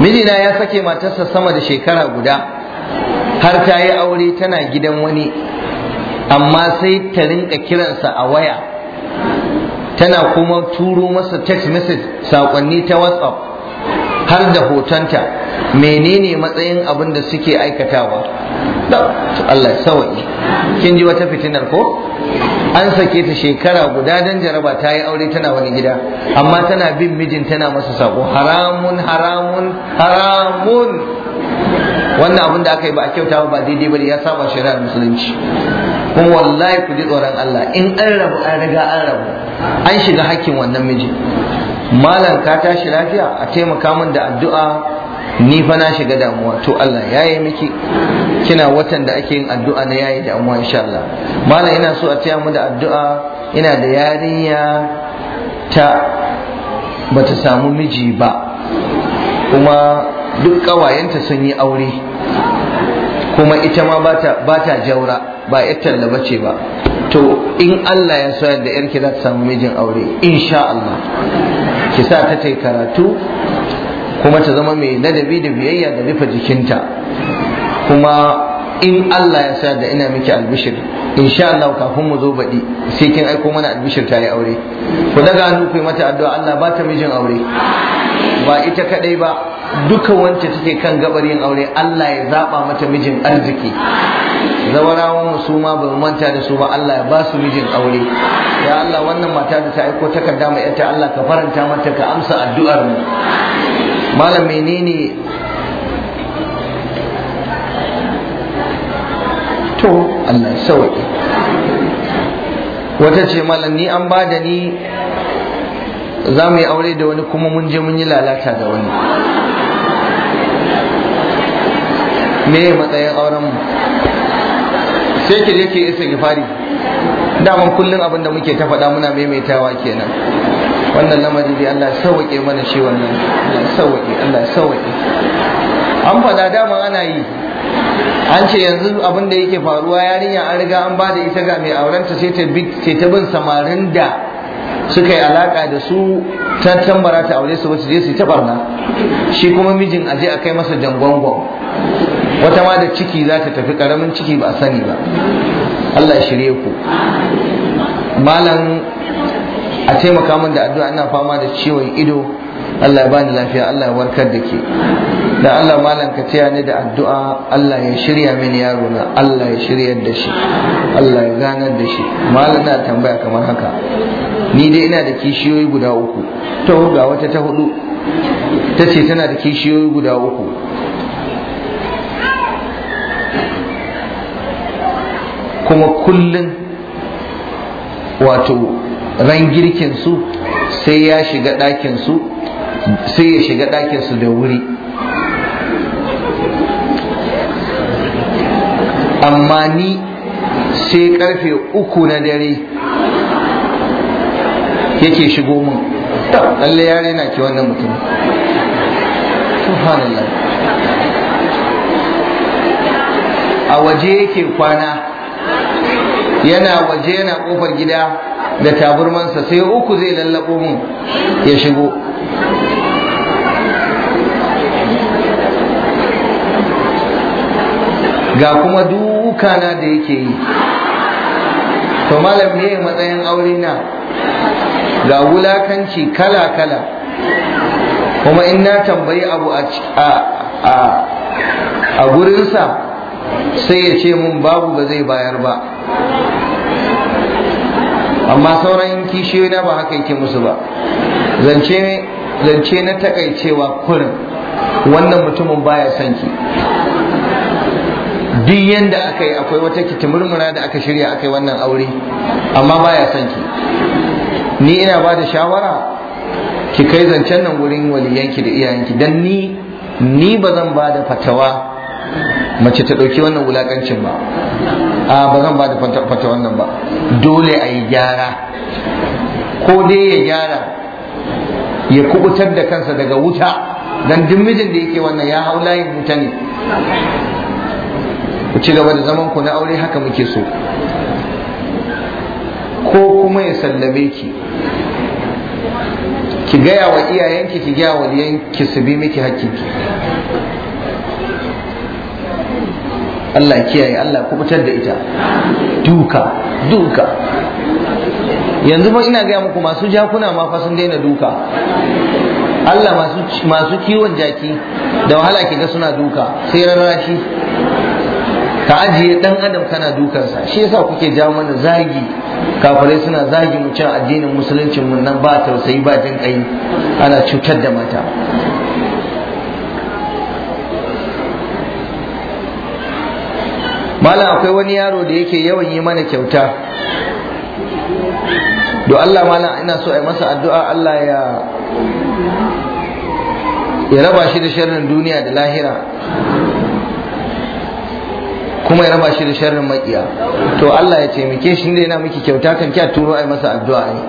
mijina ya sake matarsa sama da shekara guda har ta yi aure tana gidan wani amma sai ta rinka kiransa a waya tana kuma turo masa text message saƙonni ta whatsapp har da hotonta menene matsayin abin da suke aikatawa Allah sawa'i kin ji wata fitinar ko an sake ta shekara guda dan jaraba ta yi aure tana wani gida amma tana bin mijin tana masa sako haramun haramun haramun wannan abin da aka yi ba a kyauta ba daidai ba ya saba shari'ar musulunci kuma wallahi ku ji tsoron Allah in an rabu an riga an rabu an shiga hakkin wannan miji malam ka tashi lafiya a taimaka min da addu'a ni fa na shiga damuwa to Allah ya yi miki kina watan da ake yin addu'a na yayi damuwa insha Allah malam ina so a taya mu da addu'a ina da yarinya ta bata samu miji ba kuma duk kawayenta sun yi aure kuma ita ma ba ta jaura ba yatta tallaba ce ba to in Allah ya so da yarki za ta samu mijin aure insha Allah ki sa ta tayi karatu kuma ta zama mai ladabi da biyayya da rufe jikinta kuma in Allah ya sa da ina miki albishir insha Allah kafin mu zo baɗi sai kin aiko mana albishir ta yi aure ku daga hannu ku mata addu'a Allah ba ta mijin aure ba ita kadai ba duka wanda take kan gabar yin aure Allah ya zaba mata mijin arziki zawarawan su ma ba manta da su ba Allah ya ba su mijin aure ya Allah wannan mata da ta aiko takarda mai ita Allah ka faranta mata ka amsa addu'ar mu malam menene to Allah ya sauke wata ce malam ni an ba ni za mu yi aure da wani kuma mun je mun yi lalata da wani me matsayin auren mu sai da yake isa gifari daman kullum abin da muke ta faɗa muna maimaitawa kenan wannan lamari dai Allah sauwaƙe mana shi wannan Allah Allah sauwaƙe an faɗa dama ana yi an ce yanzu abin da yake faruwa yarinya an riga an ba da ita ga mai aurenta sai ta bin samarin da suka yi alaƙa da su ta tambara ta aure su basu je su ta barna shi kuma mijin aje a kai masa jangwangwan wata ma da ciki za ta tafi karamin ciki ba a sani ba Allah ya shirye ku malam a taimaka min da addu'a ina fama da ciwon ido Allah ya bani lafiya Allah ya warkar da ke da Allah malam ka taya ni da addu'a Allah ya shirya mini yaro na Allah ya shiryar da shi Allah ya ganar da shi malam na tambaya kamar haka ni dai ina da kishiyoyi guda uku to ga wata ta hudu ta ce tana da kishiyoyi guda uku kuma kullum wato ran girkin su sai ya shiga ɗakin su sai ya shiga ɗakin su da wuri amma ni sai karfe uku na dare yake shigo min lalle ya rena ki wannan mutum subhanallah a waje yake kwana yana waje yana kofar gida da taburmansa sai uku zai lallabo mun ya shigo ga kuma dukana da yake yi to malam ne matsayin aure na ga wulakanci kala-kala kuma in na tambayi abu a gurinsa sai ya ce mun babu ba zai bayar ba amma sauran kishiyoyi na ba haka yake musu ba zance na takaicewa kurin wannan mutumin baya son ki duk yadda aka yi akwai wata kitimurmura da aka shirya aka yi wannan aure amma baya son ki ni ina ba da shawara ki kai zancen nan wurin waliyanki da iyayenki don ni ni ba zan ba da fatawa mace ta ɗauki wannan wulakancin ba a ba zan ba da fata wannan ba dole a yi gyara ko dai ya gyara ya kubutar da kansa daga wuta don duk mijin da yake wannan ya hau layin wuta ne ku ci gaba da zaman ku na aure haka muke so ko kuma ya sallame ki ki gaya wa iyayenki ki gaya wa ki su bi miki hakkinki Allah ya kiyaye Allah kubutar da ita duka duka yanzu ba ina gaya muku masu jakuna ma fa sun daina duka Allah masu kiwon jaki da wahala ga suna duka sai rarrashi ka ajiye dan adam kana dukansa shi yasa kuke jawo mana zagi kafirai suna zagi mu cin addinin musuluncin mu nan ba tausayi ba jin kai ana cutar da mata malam akwai wani yaro da yake yawan yi mana kyauta do Allah malam ina so a yi masa addu'a Allah ya ya raba shi da sharrin duniya da lahira kuma ya raba shi da sharrin makiya to Allah ya taimake shi inda yana miki kyauta kan kya turo ai masa addu'a ne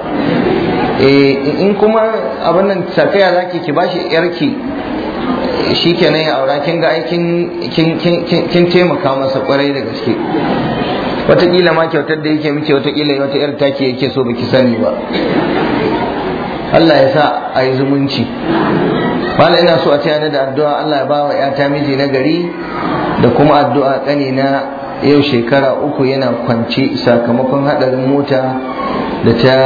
eh in kuma abin nan sakaya zaki ki bashi yarki shi kenan ya aura kin ga aikin kin taimaka masa kwarai da gaske wataƙila ma kyautar da yake miki wataƙila wata yar take yake so baki sani ba Allah ya sa a yi zumunci wala ina so a tayar da addu'a Allah ya ba bawa yata miji na gari da kuma addu'a kani na yau shekara uku yana kwance sakamakon hadarin mota da ta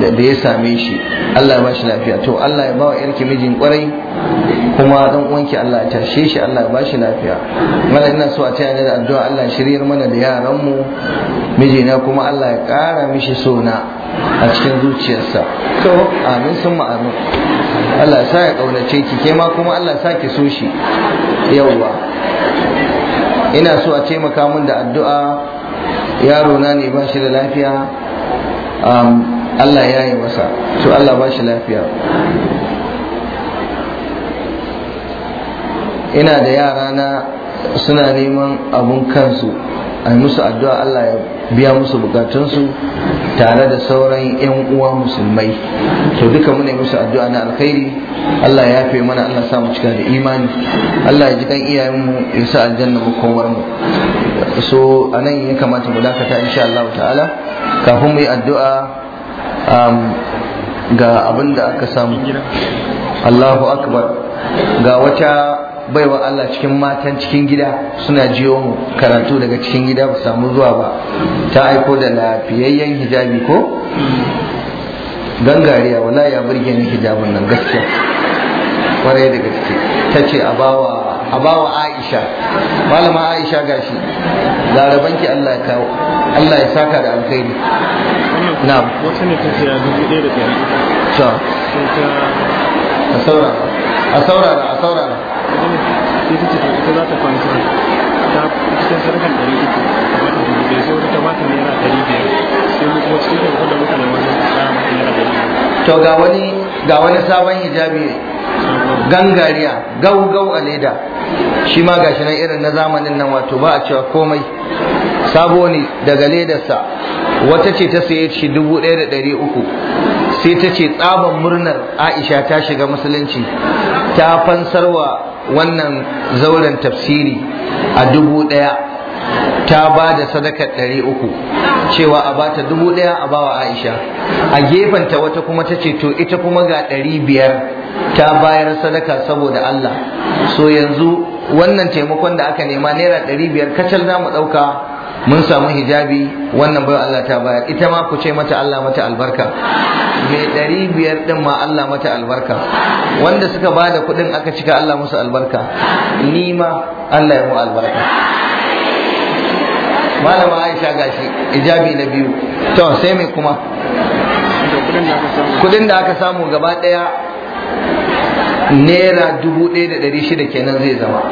da ya same shi Allah ya bashi lafiya to Allah ya bawa yarki mijin kwarai kuma dan uwanki Allah ya tashe shi Allah ya bashi lafiya mana ina so a taya ni da addu'a Allah ya shiryar mana da yaran mu mijina kuma Allah ya kara mishi sona a cikin zuciyarsa to amin sun amin Allah ya sa ya kaunace ki ke ma kuma Allah ya sa so shi yawwa ina so a taimaka min da addu'a yaro na ne ba shi da lafiya Um, Allah ya yi masa to Allah ba shi lafiya ina da yara na suna neman abun kansu a musu addu'a Allah ya biya musu bukatunsu tare da sauran 'yan uwa musulmai to duka muna musu addu'a na alkhairi Allah ya fi mana Allah sa mu cika da imani Allah ya ji kan iyayenmu ya sa aljanna mu komar mu so anan ya kamata mu dakata insha Allah ta'ala kafin mu yi addu'a um, ga abin da aka samu Allahu akbar ga wata baiwa Allah cikin matan cikin gida suna jiyo mu karatu daga cikin gida ba samu zuwa ba ta aiko da lafiyayyen hijabi ko gangariya wala ya burge ni hijabin nan gaskiya kwarai da gaske ta ce a bawa a bawa Aisha malama Aisha gashi larabanki Allah ya kawo Allah ya saka da alkhairi na'am wata ne ta siya dubu ɗaya da ɗari to a saurara a saurara a saurara ita ce ta ita za ta kwanta ta cikin sarkan ɗari uku wata dubu ɗaya sai wata ta bata naira ɗari biyar to ga wani ga wani sabon hijabi gangariya gau gau a leda shi ma gashi nan irin na zamanin nan wato ba a cewa komai sabo ne daga ledarsa wata ce ta saye shi dubu ɗaya da ɗari uku sai ta ce tsaban murnar aisha ta shiga musulunci ta fansarwa wannan zauren tafsiri a dubu ɗaya ta ba da sadakar ɗari uku cewa a bata dubu ɗaya a bawa aisha a gefenta wata kuma ta ce to ita kuma ga ɗari biyar ta bayar sadaka saboda Allah so yanzu wannan taimakon da aka nema naira ɗari biyar kacal za mu ɗauka mun samu hijabi wannan bai Allah ta bayar ita ma ku ce mata Allah mata albarka mai ɗari biyar ɗin ma Allah mata albarka wanda suka ba da kuɗin aka cika Allah musu albarka ni ma Allah ya mu albarka malama aisha gashi ijabi na biyu to sai mai kuma kudin da aka samu gaba daya naira dubu ɗaya da ɗari shida kenan zai zama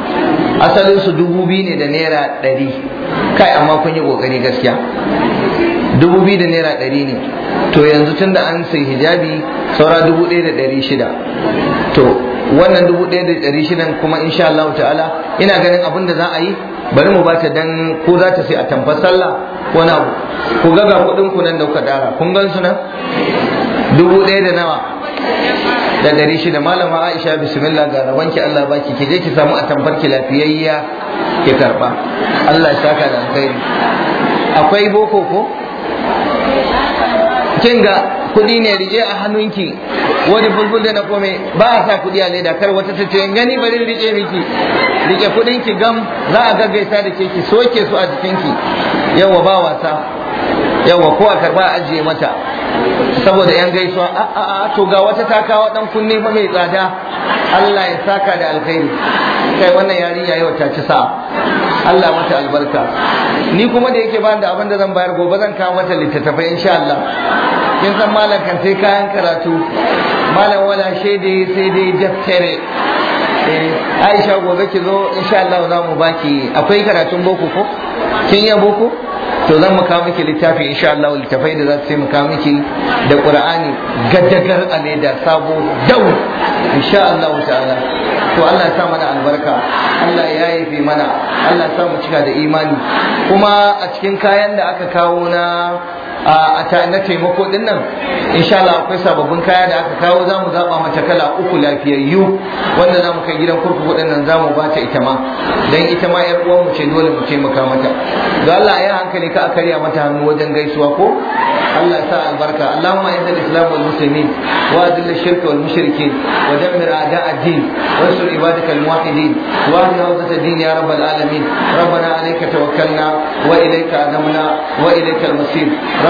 asalin su dubu biyu ne da naira ɗari kai amma kun yi ƙoƙari gaskiya dubu biyu da naira ɗari ne to yanzu tun da an sai hijabi saura dubu ɗaya da ɗari shida to wannan dubu ɗaya da ɗari shidan kuma insha Allah ta'ala ina ganin abin da za a yi bari mu bata dan ko za ta sai a tamfar sallah ko na ku ga ga kuɗin ku nan da kuka dara kun gan su nan dubu ɗaya da nawa da ɗari shida malama Aisha bismillah ga rabanki Allah baki ki je ki samu a tamfar ki lafiyayya ki karba Allah ya saka da alkhairi akwai boko ko kin ga kuɗi ne rike a hannunki wani bulbul da na kome ba a sa kuɗi a leda kar wata ta ce gani bari rike miki rike kuɗin ki gam za a gaggaisa da ke ki soke su a jikinki yawa ba wasa yawa ko a karba a ajiye mata saboda yan gaisuwa a ah, a ah, ah, to ga wata ta kawo dan kunne fa mai tsada Allah ya saka da alkhairi kai wannan yarinya yau ta ci sa Allah mata albarka ni kuma da yake bani da abin da zan bayar gobe zan kawo mata littattafai insha Allah kin san malam kan sai kayan karatu malam wala shede sai dai daftare eh, Aisha gobe ki zo insha Allah za mu baki akwai karatun boko ko kin yi boko to zan muka kawo miki littafi insha Allah littafai da za su sai mu miki da Qur'ani gaddagar a da sabo dau insha Allah ta'ala to Allah ya sa mana albarka Allah ya yafe mana Allah ya sa mu cika da imani kuma a cikin kayan da aka kawo na na taimako din nan insha Allah akwai sababbin kaya da aka kawo za mu zaba mata kala uku lafiyayyu wanda za mu kai gidan kurkuku din nan za mu ba ta ita ma dan ita ma yar uwan mu ce dole mu taimaka mata don Allah ya hankali ka a karya mata hannu wajen gaisuwa ko Allah ya sa albarka Allahumma inna al-islam wal muslimin wa adilla shirk wal mushrikin wa dammir a'da ad-din wa ansur ibadaka al-muwahhidin wa ahli hawzat ad-din ya rabbal alamin ربنا عليك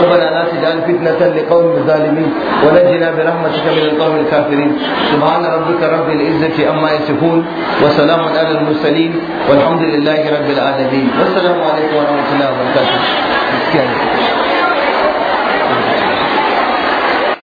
ربنا لا تجعل فتنة لقوم الظالمين ونجنا برحمتك من القوم الكافرين سبحان ربك رب العزة عما يصفون وسلام على المرسلين والحمد لله رب العالمين والسلام عليكم ورحمة الله وبركاته